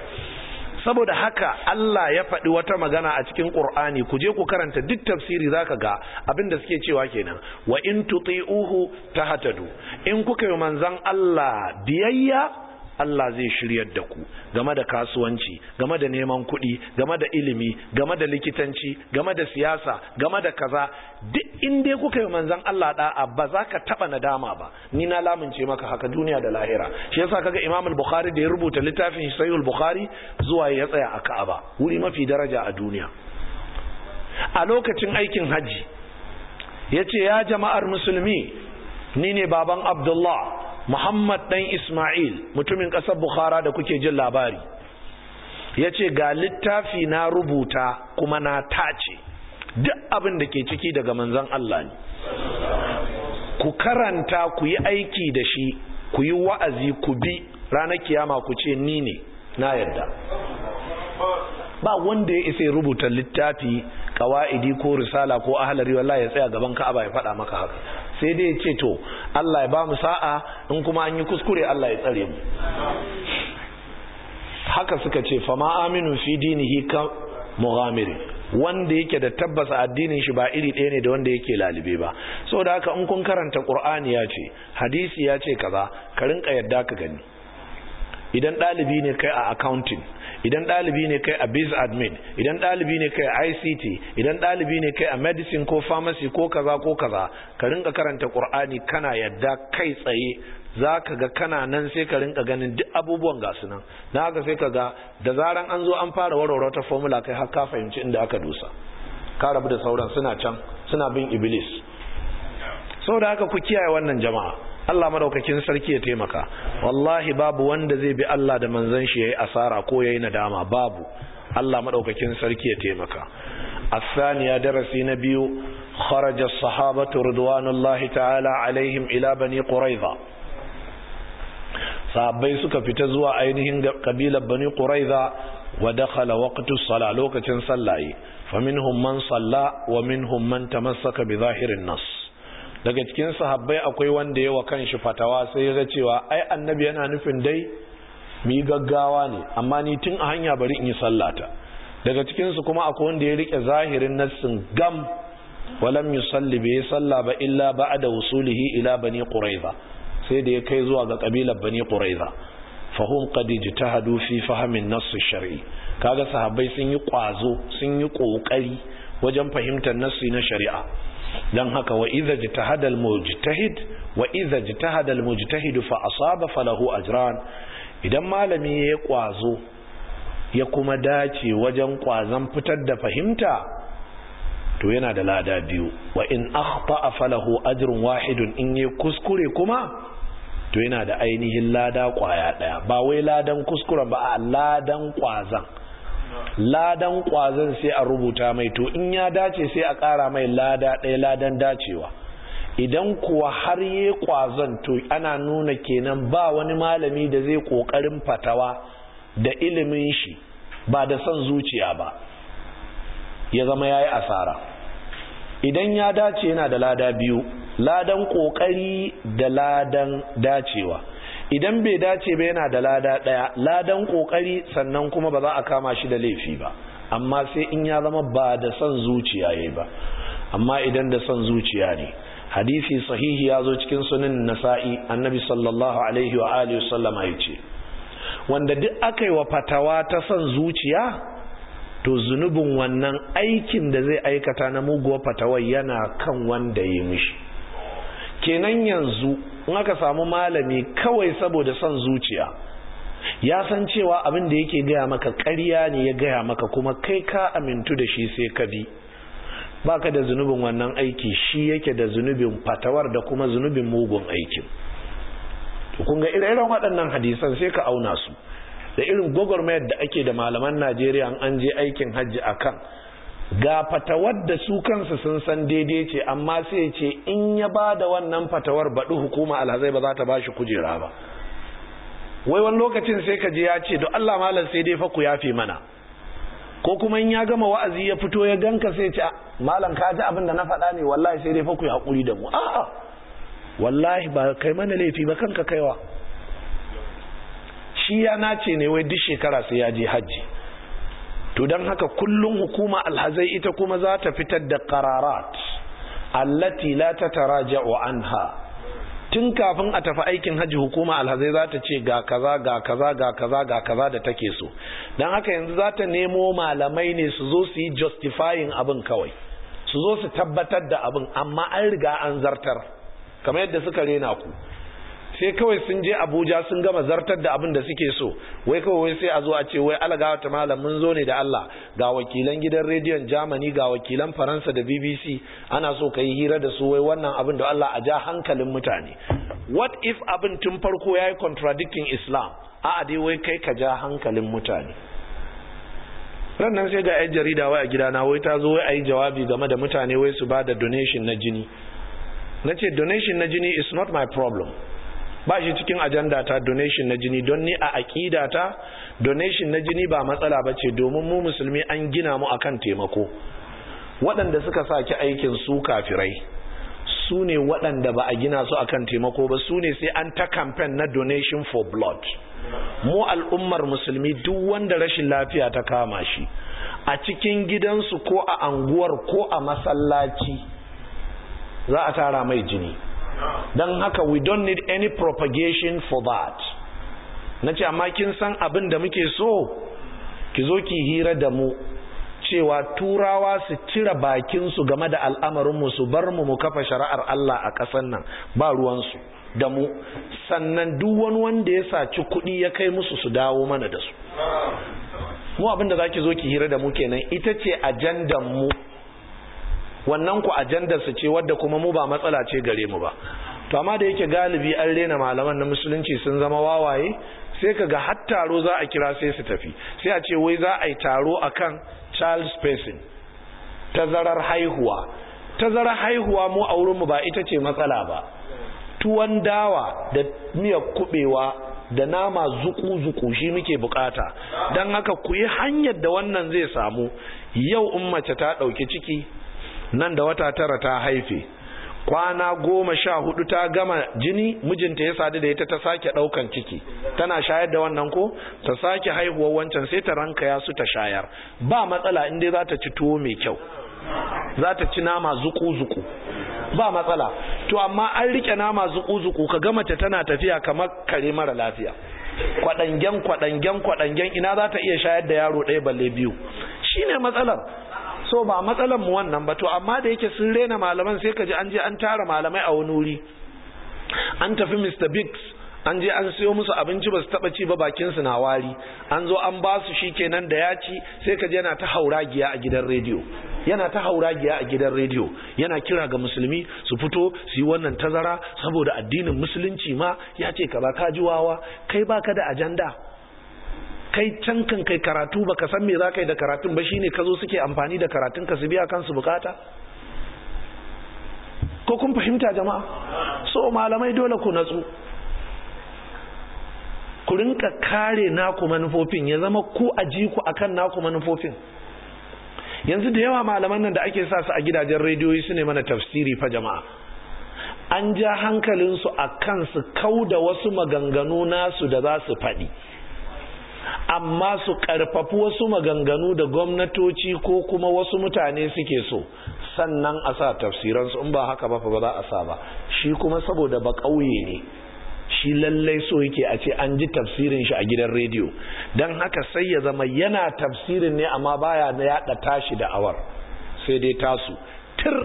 saboda haka Allah ya faɗi wata magana a cikin Qur'ani ku je ku karanta duk tafsiri zaka ga abin da suke cewa kenan wa in tuti'uhu tahtadu in kuka yi manzon Allah biyayya Allah zai shiryar da ku game da kasuwanci game da neman kuɗi game da ilimi game da likitanci game da siyasa game da kaza duk in dai kuka yi manzon Allah da'a ba za ka taɓa nadama ba ni na lamince maka haka duniya da lahira shi yasa kaga Imam al-Bukhari da ya rubuta littafin Sahih al-Bukhari zuwa ya tsaya a Ka'aba wuri mafi daraja a duniya a lokacin aikin hajji yace ya jama'ar musulmi ni ne baban Abdullah muhammad dan isma'il mutumin ƙasar bukhara da kuke jin labari ya ce ga littafi na rubuta kuma na tace duk abin da ke ciki daga manzan Allah ne ku karanta ku yi aiki da shi ku yi wa'azi ku bi ranar kiyama ku ce ni ne na yarda, ba wanda ya isa rubuta littafi kawa'idi ko risala ko ahalari wallahi ya tsaya gaban ka'aba ya faɗa maka haka sai dai ya ce to Allah ya ba mu sa'a in kuma an yi kuskure Allah ya tsare mu haka suka ce fama aminu fi dinihi ka mughamiri wanda yake da tabbasa addinin shi ba iri ɗaya ne da wanda yake lalibe ba saboda haka in kun karanta qur'ani ya ce hadisi ya ce kaza ka rinka yadda ka gani idan ɗalibi ne kai a accounting idan ɗalibi ne kai a biz admin idan ɗalibi ne kai a ict idan ɗalibi ne kai a medicine ko pharmacy ko kaza ko kaza ka rinka karanta qur'ani kana yadda kai tsaye za ka ga kana nan sai ka rinka ganin duk abubuwan gasu nan na haka sai ka ga da zaran an zo an fara warware ta formula kai har ka fahimci inda aka dusa ka rabu da sauran suna can suna bin iblis saboda haka ku kiyaye wannan jama'a Allah madaukakin sarki ya taimaka wallahi babu wanda zai bi Allah da manzan shi yi asara ko yayi nadama babu Allah madaukakin sarki ya taimaka الثانية darasi na biyu kharajar sahabatu الله ta'ala عليهم ila bani قريظة sahabbai suka fita zuwa ainihin kabilar bani quraiza wa dakhala waqtu sala lokacin sallaye faminhum man salla wa minhum man tamassaka bi zahirin nas daga cikin sahabbai akwai wanda yawa shi fatawa sai ya ga cewa ai annabi yana nufin dai mu yi gaggawa ne amma ni tun a hanya bari in yi sallata daga cikin su kuma akwai wanda ya rike zahirin nassin gam walam yusalli bai salla ba illa ba'da wusulihi ila bani quraiza sai da ya kai zuwa ga kabilar bani quraiza fahum qad ijtahadu fi fahmin nass shar'i kaga sahabbai sun yi kwazo sun yi kokari wajen fahimtar nassi na shari'a Don haka wa idza jitahada al mujtahid wa idza jitahada al mujtahid fa asaba falahu ajran idan malami ya kwazo ya kuma dace wajen kwazon fitar da fahimta to yana da lada biyu wa in akhta'a falahu ajrun wahidun in yi kuskure kuma to yana da ainihin lada kwaya daya ba wai ladan kuskuren ba a ladan kwazan ladan kwazon sai a rubuta mai to in ya dace sai a ƙara mai lada ɗaya ladan dacewa idan kuwa har yi kwazon to ana nuna kenan ba wani malami da zai ƙoƙarin fatawa da ilimin shi ba da son zuciya ba ya zama ya yi asara idan ya dace yana da lada biyu ladan ƙoƙari da ladan dacewa idan bai dace ba yana da lada ɗaya ladan ƙoƙari sannan kuma ba za a kama shi da laifi ba amma sai in ya zama ba da son zuciya ya ba amma idan da son zuciya ne hadisi sahihi ya zo cikin sunan nasa'i annabi sallallahu alaihi wa alihi wasallama ya wanda duk aka yi wa fatawa ta son zuciya to zunubin wannan aikin da zai aikata na muguwa fatawar yana kan wanda ya mishi kenan yanzu in aka samu malami kawai saboda son zuciya ya san cewa abin da yake gaya maka ƙarya ne ya gaya maka kuma kai ka amintu da shi sai ka bi baka da zunubin wannan aiki shi yake da zunubin fatawar da kuma zunubin mugun aikin to kun ire-iren waɗannan hadisan sai ka auna su da irin gwagwarmayar da ake da malaman Najeriya an je aikin hajji akan ga fatawar da su kansu sun san daidai ce amma sai ce in ya ba da wannan fatawar baɗi hukuma alhazai ba za ta ba shi kujera ba wai wani lokacin sai ka ji ya ce da Allah malam sai dai fa ku yafe mana ko kuma in ya gama wa'azi ya fito ya ganka sai ce ah, malam ka ji abin da na faɗa ne wallahi sai dai fa ku yi haƙuri da mu a'a wallahi ba kai mana laifi ba kanka kaiwa shi ya nace ne wai duk shekara sai ya je hajji to don haka kullum hukuma alhazai ita kuma za ta fitar da kararat allati la tataraja'u anha tun kafin a tafi aikin hajji hukuma alhazai za ta ce ga kaza ga kaza ga kaza ga kaza da take so don haka yanzu za ta nemo malamai ne su zo su yi justifying abin kawai su zo su tabbatar da abin amma an riga an zartar kamar yadda suka rena ku sai kawai sun je abuja sun gama zartar da abin da suke so wai kawai sai a zo a ce wai alagawa ta malam mun zo ne da Allah ga wakilan gidan rediyon germany ga wakilan faransa da bbc ana so ka yi hira da su wai wannan abin da Allah a ja hankalin mutane what if abin tun farko ya yi contradicting islam a dai wai kai ka ja hankalin mutane ran sai ga yan jarida wai a gidana wai ta zo wai a yi jawabi game da mutane wai su ba da donation na jini na ce donation na jini is not my problem ba shi cikin ajanda ta donation na jini don ni a aƙida ta donation na jini ba matsala ba ce domin mu musulmi an gina mu akan taimako waɗanda suka saki aikin su kafirai su ne waɗanda ba a gina su akan taimako ba su ne sai an ta campaign na donation for blood mu al'ummar musulmi duk wanda rashin lafiya ta kama shi a cikin gidansu ko a anguwar ko a masallaci za a tara mai jini don haka we don't need any propagation for that na ce amma kin san abin da muke so ki zo ki hira da mu cewa turawa su cire bakinsu game da al'amarinmu su bar mu mu kafa shari'ar Allah a ƙasar nan ba ruwansu da mu sannan duk wani wanda ya saci kuɗi ya kai musu su dawo mana da su mu abin da za ki zo ki hira da mu kenan ita ce ajandan mu wannan ku ajandar su ce wadda kuma mu ba matsala ce gare mu ba to amma da yake galibi an rena malaman na musulunci sun zama wawaye sai ka ga har taro za a kira sai su tafi sai a ce wai za a yi taro akan child spacing tazarar haihuwa tazarar haihuwa mu a mu ba ita ce matsala ba tuwon dawa da miyar kubewa da nama zuku-zuku shi muke bukata don haka ku yi hanyar da wannan zai samu yau in mace ta ɗauki ciki nan da wata tara ta haife kwana goma sha hudu ta gama jini mijinta ya sadu da ita ta sake daukan ciki tana shayar da wannan ko ta sake haihuwar wancan sai ta ranka ya su ta shayar ba matsala inda za ta ci tuwo mai kyau za ta ci nama zuku-zuku ba matsala to amma an rike nama zuku-zuku ka gama ta tana tafiya kamar kare mara lafiya kwadangen kwadangen kwadangen ina za ta iya shayar da yaro ɗaya balle biyu shine matsalar so ba matsalar mu wannan ba to amma da yake sun rena malaman sai ka ji an je an tara malamai a wani wuri an tafi Mr Biggs an je an siyo musu abinci ba su taba ci ba bakin su na wari an zo an ba su shikenan da ya ci sai ka ji yana ta hauragiya a gidan rediyo yana ta hauragiya a gidan rediyo yana kira ga musulmi su fito su yi wannan tazara saboda addinin musulunci ma ya ce ka ba ka ji wawa kai baka da ajanda kai can kan kai karatu baka san me za ka yi da karatun ba shine ka zo suke amfani da karatun ka su biya kansu bukata ko kun fahimta jama'a so malamai dole ku natsu ku rinka kare naku manufofin ya zama ku aji ku akan naku manufofin yanzu da yawa malaman nan da ake sa su a gidajen rediyoyi su ne mana tafsiri fa jama'a an ja hankalinsu a kan su kau da wasu maganganu nasu da za su faɗi amma su karfafi wasu maganganu da gwamnatoci ko kuma wasu mutane suke so sannan a sa tafsiransu in ba haka ba fa ba za a sa ba shi kuma saboda ba ƙauye ne shi lallai so yake a ce an ji tafsirin shi a gidan rediyo don haka sai ya zama yana tafsirin ne amma baya na yaɗa tashi da awar sai dai tasu tir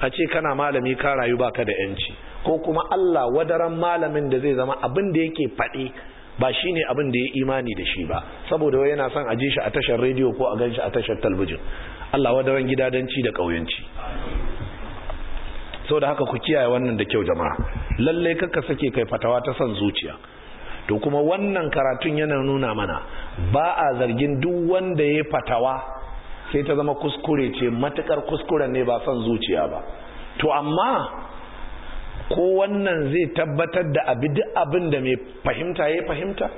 a ce kana malami ka rayu baka da yanci ko kuma Allah wadaran malamin da zai zama abin da yake faɗi ba shi ne abin da ya imani da shi ba saboda wai yana son a ji shi a tashar rediyo ko a gan shi a tashar talbijin Allah wadaran gidadanci da ƙauyanci sau da haka ku kiyaye wannan da kyau jama'a lallai kaka sake kai fatawa ta son zuciya to kuma wannan karatun yana nuna mana ba a zargin duk wanda ya fatawa sai ta zama kuskure ce matukar kuskuren ne ba son zuciya ba to amma ko wannan zai tabbatar da abin da mai fahimta ya fahimta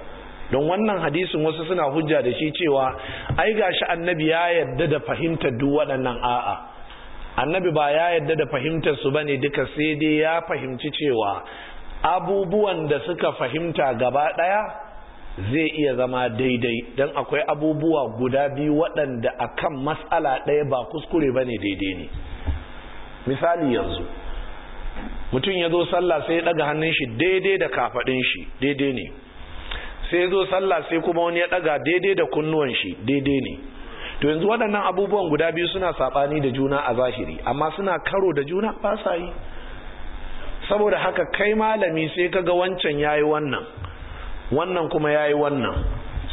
don wannan hadisin wasu suna hujja da shi cewa ai gashi annabi ya yadda da fahimta duk waɗannan a'a annabi ba ya yadda da fahimtar su bane duka sai dai ya fahimci cewa abubuwan da suka fahimta gaba ɗaya zai iya zama daidai don akwai abubuwa guda biyu waɗanda a kan matsala ɗaya ba kuskure bane daidai ne misali yanzu mutum ya zo sallah sai ya daga hannun shi daidai da kafadin shi daidai ne sai ya zo sallah sai kuma wani ya daga daidai da kunnuwan shi daidai ne to yanzu waɗannan abubuwan guda biyu suna saɓani da juna a zahiri amma suna karo da juna ba sa yi saboda haka kai malami sai ka ga wancan yayi wannan wannan kuma yayi wannan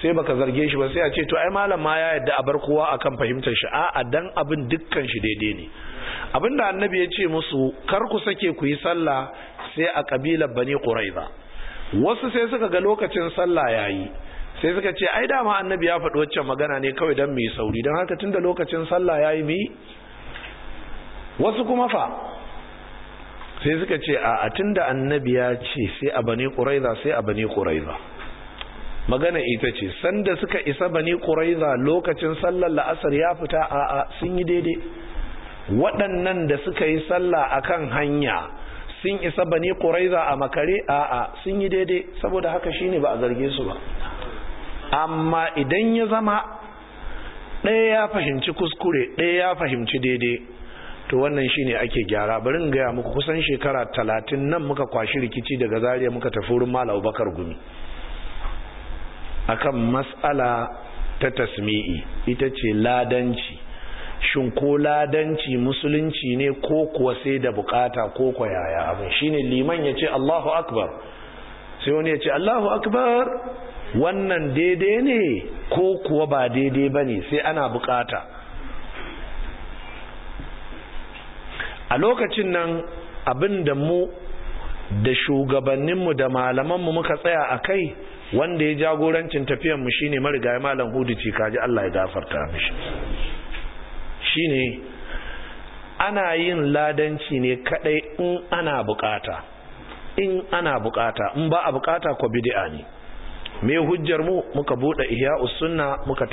sai baka zarge shi ba sai a ce to ai malam ma ya yarda a bar kowa akan fahimtar shi a'a dan abin dukkan shi daidai ne abinda annabi ya ce musu kar ku sake ku yi sallah sai a kabilar bani quraiza wasu sai suka ga lokacin sallah yayi sai suka ce ai dama annabi ya faɗi wacce magana ne kawai dan mu yi sauri don haka tunda lokacin sallah yayi mu wasu kuma fa sai suka ce a tunda annabi ya ce sai a bani quraiza sai a bani quraiza magana ita ce sanda suka isa bani quraiza lokacin sallar la'asar ya fita a a sun yi daidai waɗannan da suka yi sallah a kan hanya sun isa bani ƙuraiza a makare a'a sun yi daidai saboda haka shine ba a zarge su ba amma idan ya zama ɗaya ya fahimci kuskure ɗaya ya fahimci daidai to wannan shine ake gyara bari gaya muku kusan shekara talatin nan muka kwashi rikici daga zariya muka tafi wurin mala Bakar gumi akan matsala ta tasmi'i ita ce ladanci shin ko ladanci musulunci ne ko kuwa sai da bukata ko kwa yaya abin shine liman ya ce Allahu akbar sai wani ya ce Allahu akbar wannan daidai ne ko kuwa ba daidai ba ne sai ana bukata a lokacin nan abin da mu da shugabanninmu da malamanmu muka tsaya a kai wanda ya jagorancin tafiyanmu shine marigayi malam hudu ce kaji Allah ya gafarta mishi shine ana yin ladanci ne kadai in ana bukata in ana bukata in ba a bukata ko bid'a ne me hujjar mu muka bude ihya sunna muka